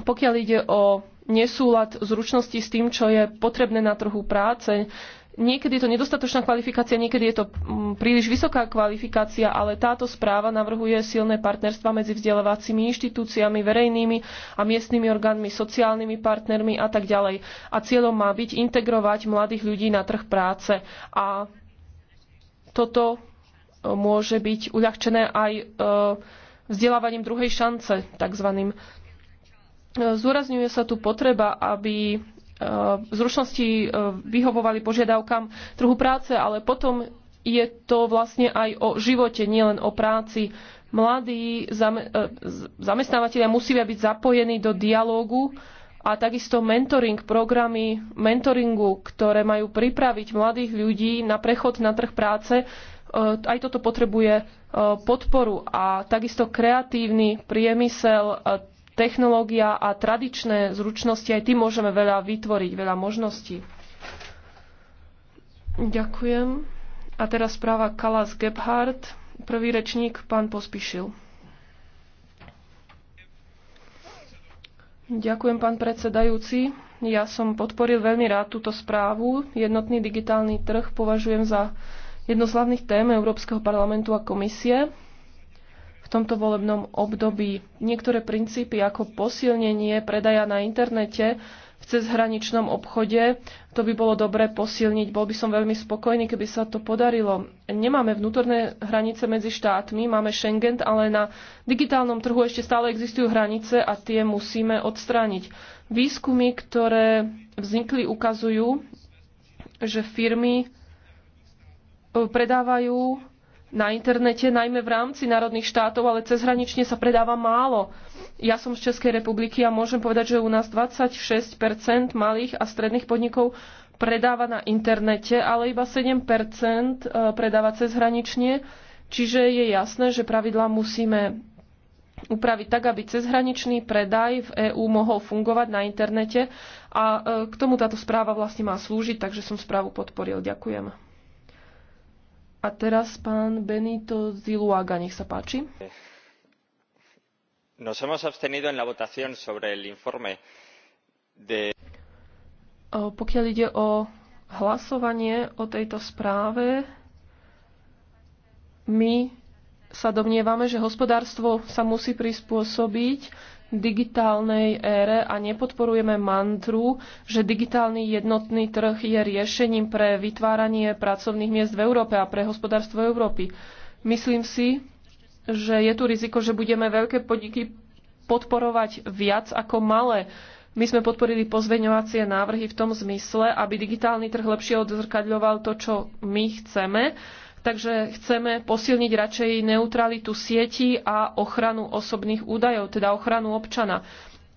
Pokiaľ ide o nesúlad zručnosti s tým, čo je potrebné na trhu práce, Niekedy je to nedostatočná kvalifikácia, niekedy je to mm, príliš vysoká kvalifikácia, ale táto správa navrhuje silné partnerstva medzi vzdelávacími inštitúciami, verejnými a miestnymi orgánmi, sociálnymi partnermi a tak ďalej. A cieľom má byť integrovať mladých ľudí na trh práce. A toto e, môže byť uľahčené aj e, vzdelávaním druhej šance, takzvaným. E, zúrazňuje sa tu potreba, aby zručnosti e, vyhovovali požiadavkám trhu práce, ale potom je to vlastne aj o živote, nielen o práci. Mladí e, zamestnávateľia musia byť zapojení do dialógu a takisto mentoring, programy mentoringu, ktoré majú pripraviť mladých ľudí na prechod na trh práce, e, aj toto potrebuje podporu a takisto kreatívny priemysel, technológia a tradičné zručnosti, aj tým môžeme veľa vytvoriť, veľa možností. Ďakujem. A teraz správa Kalas Gebhardt. Prvý rečník, pán Pospišil. Ďakujem, pán predsedajúci. Ja som podporil veľmi rád túto správu. Jednotný digitálny trh považujem za jedno z hlavných tém Európskeho parlamentu a komisie v tomto volebnom období. Niektoré princípy ako posilnenie predaja na internete v cezhraničnom obchode, to by bolo dobre posilniť. Bol by som veľmi spokojný, keby sa to podarilo. Nemáme vnútorné hranice medzi štátmi, máme Schengen, ale na digitálnom trhu ešte stále existujú hranice a tie musíme odstrániť. Výskumy, ktoré vznikli, ukazujú, že firmy eh, predávajú na internete, najmä v rámci národných štátov, ale cezhranične sa predáva málo. Ja som z Českej republiky a môžem povedať, že u nás 26 malých a stredných podnikov predáva na internete, ale iba 7 e, predáva cezhranične. Čiže je jasné, že pravidlá musíme upraviť tak, aby cezhraničný predaj v EÚ mohol fungovať na internete a e, k tomu táto správa vlastne má slúžiť, takže som správu podporil. Ďakujem. A teraz pán Benito Ziluaga, nech sa páči. Nos hemos abstenido en la votación sobre el informe de... Pokiaľ ide o hlasovanie o tejto správe, my sa domnievame, že hospodárstvo sa musí prispôsobiť digitálnej ére a nepodporujeme mantru, že digitálny jednotný trh je riešením pre vytváranie pracovných miest v Európe a pre hospodárstvo Európy. Myslím si, že je tu riziko, že budeme veľké podniky podporovať viac ako malé. My sme podporili pozveňovacie návrhy v tom zmysle, aby digitálny trh lepšie odzrkadľoval to, čo my chceme Takže chceme posilniť radšej neutralitu sieti a ochranu osobných údajov, teda ochranu občana.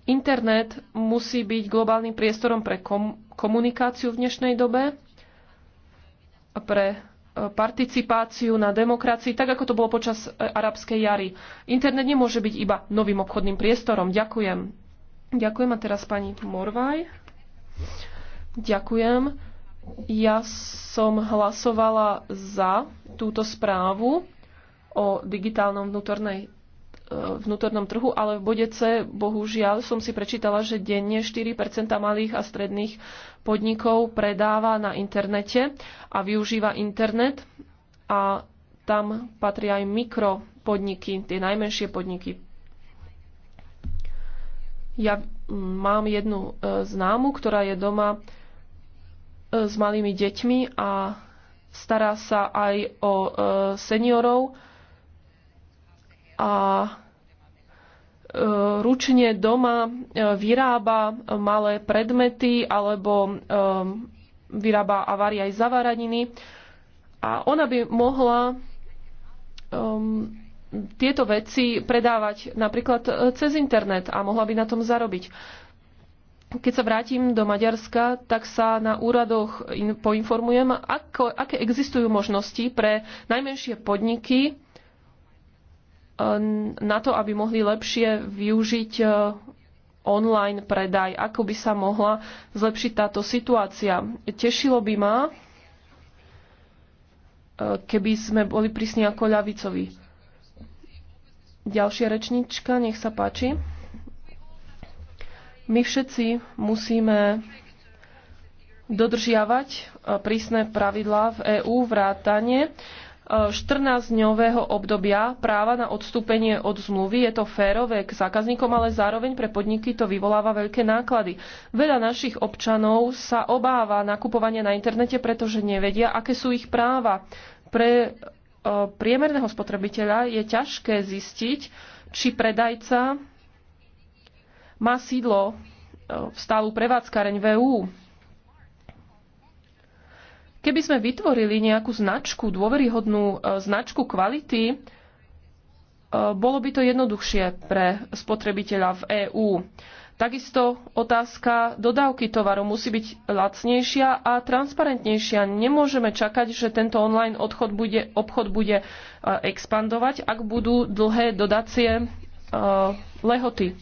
Internet musí byť globálnym priestorom pre komunikáciu v dnešnej dobe, pre e, participáciu na demokracii, tak ako to bolo počas e, arabskej jary. Internet nemôže byť iba novým obchodným priestorom. Ďakujem. Ďakujem a teraz pani Morvaj. Ďakujem. Ja som hlasovala za túto správu o digitálnom vnútornej e, vnútornom trhu, ale v bode C, bohužiaľ, som si prečítala, že denne 4 malých a stredných podnikov predáva na internete a využíva internet a tam patria aj mikropodniky, tie najmenšie podniky. Ja mm, mám jednu e, známu, ktorá je doma e, s malými deťmi a stará sa aj o e, seniorov a e, ručne doma e, vyrába malé predmety alebo vyrába a varí aj zavaraniny. A ona by mohla um, tieto veci predávať napríklad cez internet a mohla by na tom zarobiť keď sa vrátim do Maďarska, tak sa na úradoch poinformujem, ako, aké existujú možnosti pre najmenšie podniky e, na to, aby mohli lepšie využiť e, online predaj, ako by sa mohla zlepšiť táto situácia. Tešilo by ma, e, keby sme boli prísni ako ľavicovi. Ďalšia rečnička, nech sa páči. My všetci musíme dodržiavať e, prísne pravidlá v EÚ vrátane 14-dňového e, obdobia práva na odstúpenie od zmluvy. Je to férové k zákazníkom, ale zároveň pre podniky to vyvoláva veľké náklady. Veľa našich občanov sa obáva nakupovania na internete, pretože nevedia, aké sú ich práva. Pre e, priemerného spotrebiteľa je ťažké zistiť, či predajca má sídlo v e, stálu prevádzkareň VU. E Keby sme vytvorili nejakú značku, dôveryhodnú e, značku kvality, bolo by to jednoduchšie pre spotrebiteľa v EÚ. Takisto otázka dodávky tovaru musí byť lacnejšia a transparentnejšia. Nemôžeme čakať, že tento online odchod bude, obchod bude expandovať, ak budú dlhé dodacie lehoty.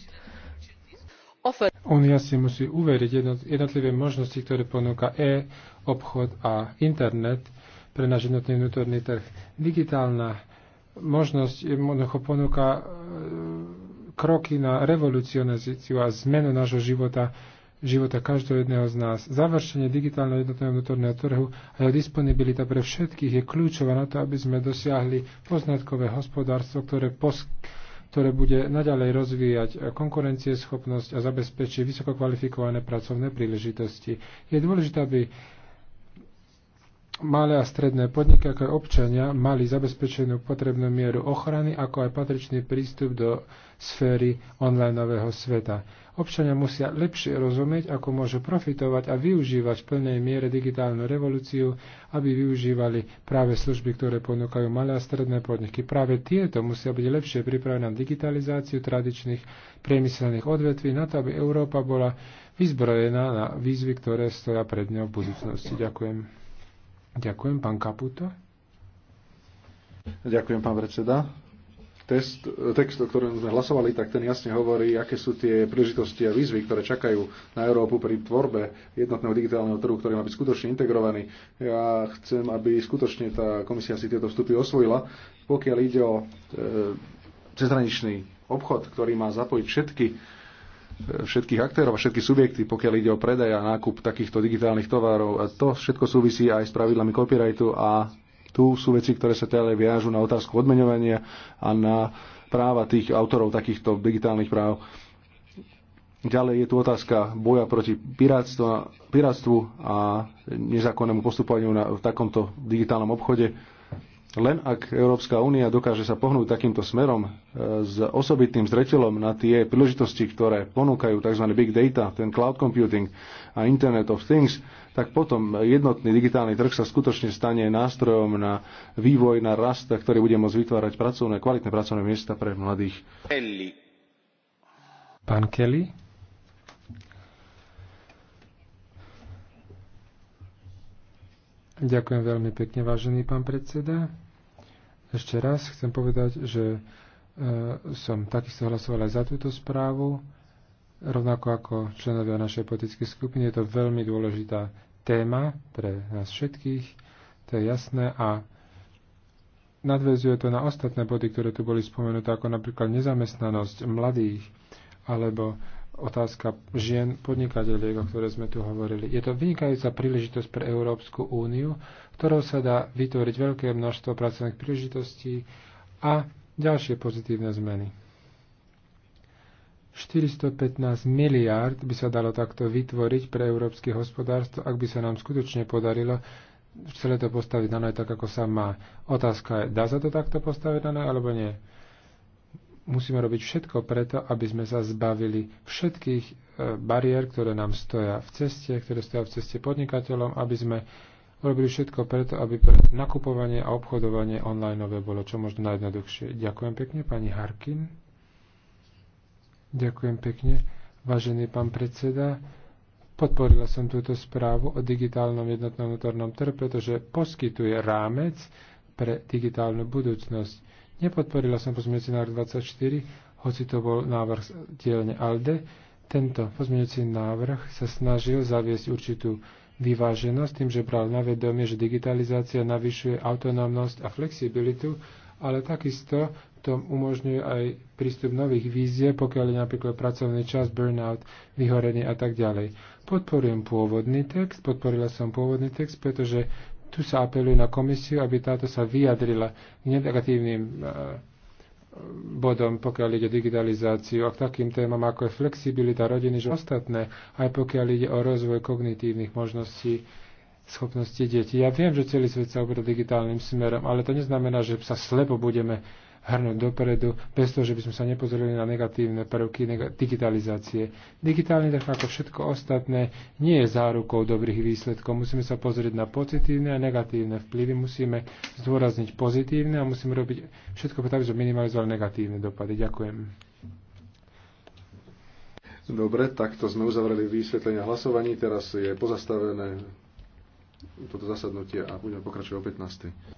Únia si musí uveriť jednotlivé možnosti, ktoré ponúka e-obchod a internet pre náš jednotný vnútorný trh. Digitálna možnosť jednoducho ponúka e, kroky na revolucionizáciu a zmenu nášho života, života každého jedného z nás. Završenie digitálneho jednotného vnútorného trhu a jeho disponibilita pre všetkých je kľúčová na to, aby sme dosiahli poznatkové hospodárstvo, ktoré poskytuje ktoré bude naďalej rozvíjať konkurencieschopnosť a zabezpečí vysoko kvalifikované pracovné príležitosti. Je dôležité, aby malé a stredné podniky, ako aj občania, mali zabezpečenú potrebnú mieru ochrany, ako aj patričný prístup do sféry online sveta. Občania musia lepšie rozumieť, ako môžu profitovať a využívať v plnej miere digitálnu revolúciu, aby využívali práve služby, ktoré ponúkajú malé a stredné podniky. Práve tieto musia byť lepšie pripravené na digitalizáciu tradičných priemyselných odvetví, na to, aby Európa bola vyzbrojená na výzvy, ktoré stoja pred ňou v budúcnosti. Ďakujem. Ďakujem, pán Kaputa. Ďakujem, pán predseda. Test, text, o ktorom sme hlasovali, tak ten jasne hovorí, aké sú tie príležitosti a výzvy, ktoré čakajú na Európu pri tvorbe jednotného digitálneho trhu, ktorý má byť skutočne integrovaný. Ja chcem, aby skutočne tá komisia si tieto vstupy osvojila. Pokiaľ ide o e, cezhraničný obchod, ktorý má zapojiť všetky všetkých aktérov a všetky subjekty, pokiaľ ide o predaj a nákup takýchto digitálnych tovarov. A to všetko súvisí aj s pravidlami copyrightu a tu sú veci, ktoré sa teda viažu na otázku odmeňovania a na práva tých autorov takýchto digitálnych práv. Ďalej je tu otázka boja proti pirátstvu a nezákonnému postupovaniu na, v takomto digitálnom obchode len ak Európska únia dokáže sa pohnúť takýmto smerom e, s osobitným zreteľom na tie príležitosti, ktoré ponúkajú tzv. big data, ten cloud computing a Internet of Things, tak potom jednotný digitálny trh sa skutočne stane nástrojom na vývoj, na rast, ktorý bude môcť vytvárať pracovné, kvalitné pracovné miesta pre mladých. Kelly. Pán Kelly? Ďakujem veľmi pekne, vážený pán predseda. Ešte raz chcem povedať, že e, som takisto hlasovala za túto správu, rovnako ako členovia našej politickej skupiny. Je to veľmi dôležitá téma pre nás všetkých, to je jasné a nadvezuje to na ostatné body, ktoré tu boli spomenuté, ako napríklad nezamestnanosť mladých alebo otázka žien podnikateľiek, o ktoré sme tu hovorili. Je to vynikajúca príležitosť pre Európsku úniu, ktorou sa dá vytvoriť veľké množstvo pracovných príležitostí a ďalšie pozitívne zmeny. 415 miliárd by sa dalo takto vytvoriť pre európske hospodárstvo, ak by sa nám skutočne podarilo celé to postaviť na noj tak, ako sa má. Otázka je, dá sa to takto postaviť na noj, alebo nie? musíme robiť všetko preto, aby sme sa zbavili všetkých e, bariér, ktoré nám stoja v ceste, ktoré stoja v ceste podnikateľom, aby sme urobili všetko preto, aby pre nakupovanie a obchodovanie online bolo čo možno najjednoduchšie. Ďakujem pekne, pani Harkin. Ďakujem pekne, vážený pán predseda. Podporila som túto správu o digitálnom jednotnom vnútornom trhu, pretože poskytuje rámec pre digitálnu budúcnosť. Nepodporila som pozmeňujúci návrh 24, hoci to bol návrh dielne ALDE. Tento pozmeňujúci návrh sa snažil zaviesť určitú vyváženosť tým, že bral na vedomie, že digitalizácia navyšuje autonómnosť a flexibilitu, ale takisto to umožňuje aj prístup nových vízie, pokiaľ je napríklad pracovný čas, burnout, vyhorenie a tak ďalej. Podporujem pôvodný text, podporila som pôvodný text, pretože tu sa apeluje na komisiu, aby táto sa vyjadrila negatívnym e, bodom, pokiaľ ide o digitalizáciu a k takým témam, ako je flexibilita rodiny, že ostatné, aj pokiaľ ide o rozvoj kognitívnych možností, schopností detí. Ja viem, že celý svet sa obrá digitálnym smerom, ale to neznamená, že sa slepo budeme hrnúť dopredu, bez toho, že by sme sa nepozreli na negatívne prvky neg- digitalizácie. Digitálne tak ako všetko ostatné nie je zárukou dobrých výsledkov. Musíme sa pozrieť na pozitívne a negatívne vplyvy, musíme zdôrazniť pozitívne a musíme robiť všetko tak, aby sme minimalizovali negatívne dopady. Ďakujem. Dobre, takto sme uzavreli vysvetlenie hlasovaní. Teraz je pozastavené toto zasadnutie a budeme pokračovať o 15.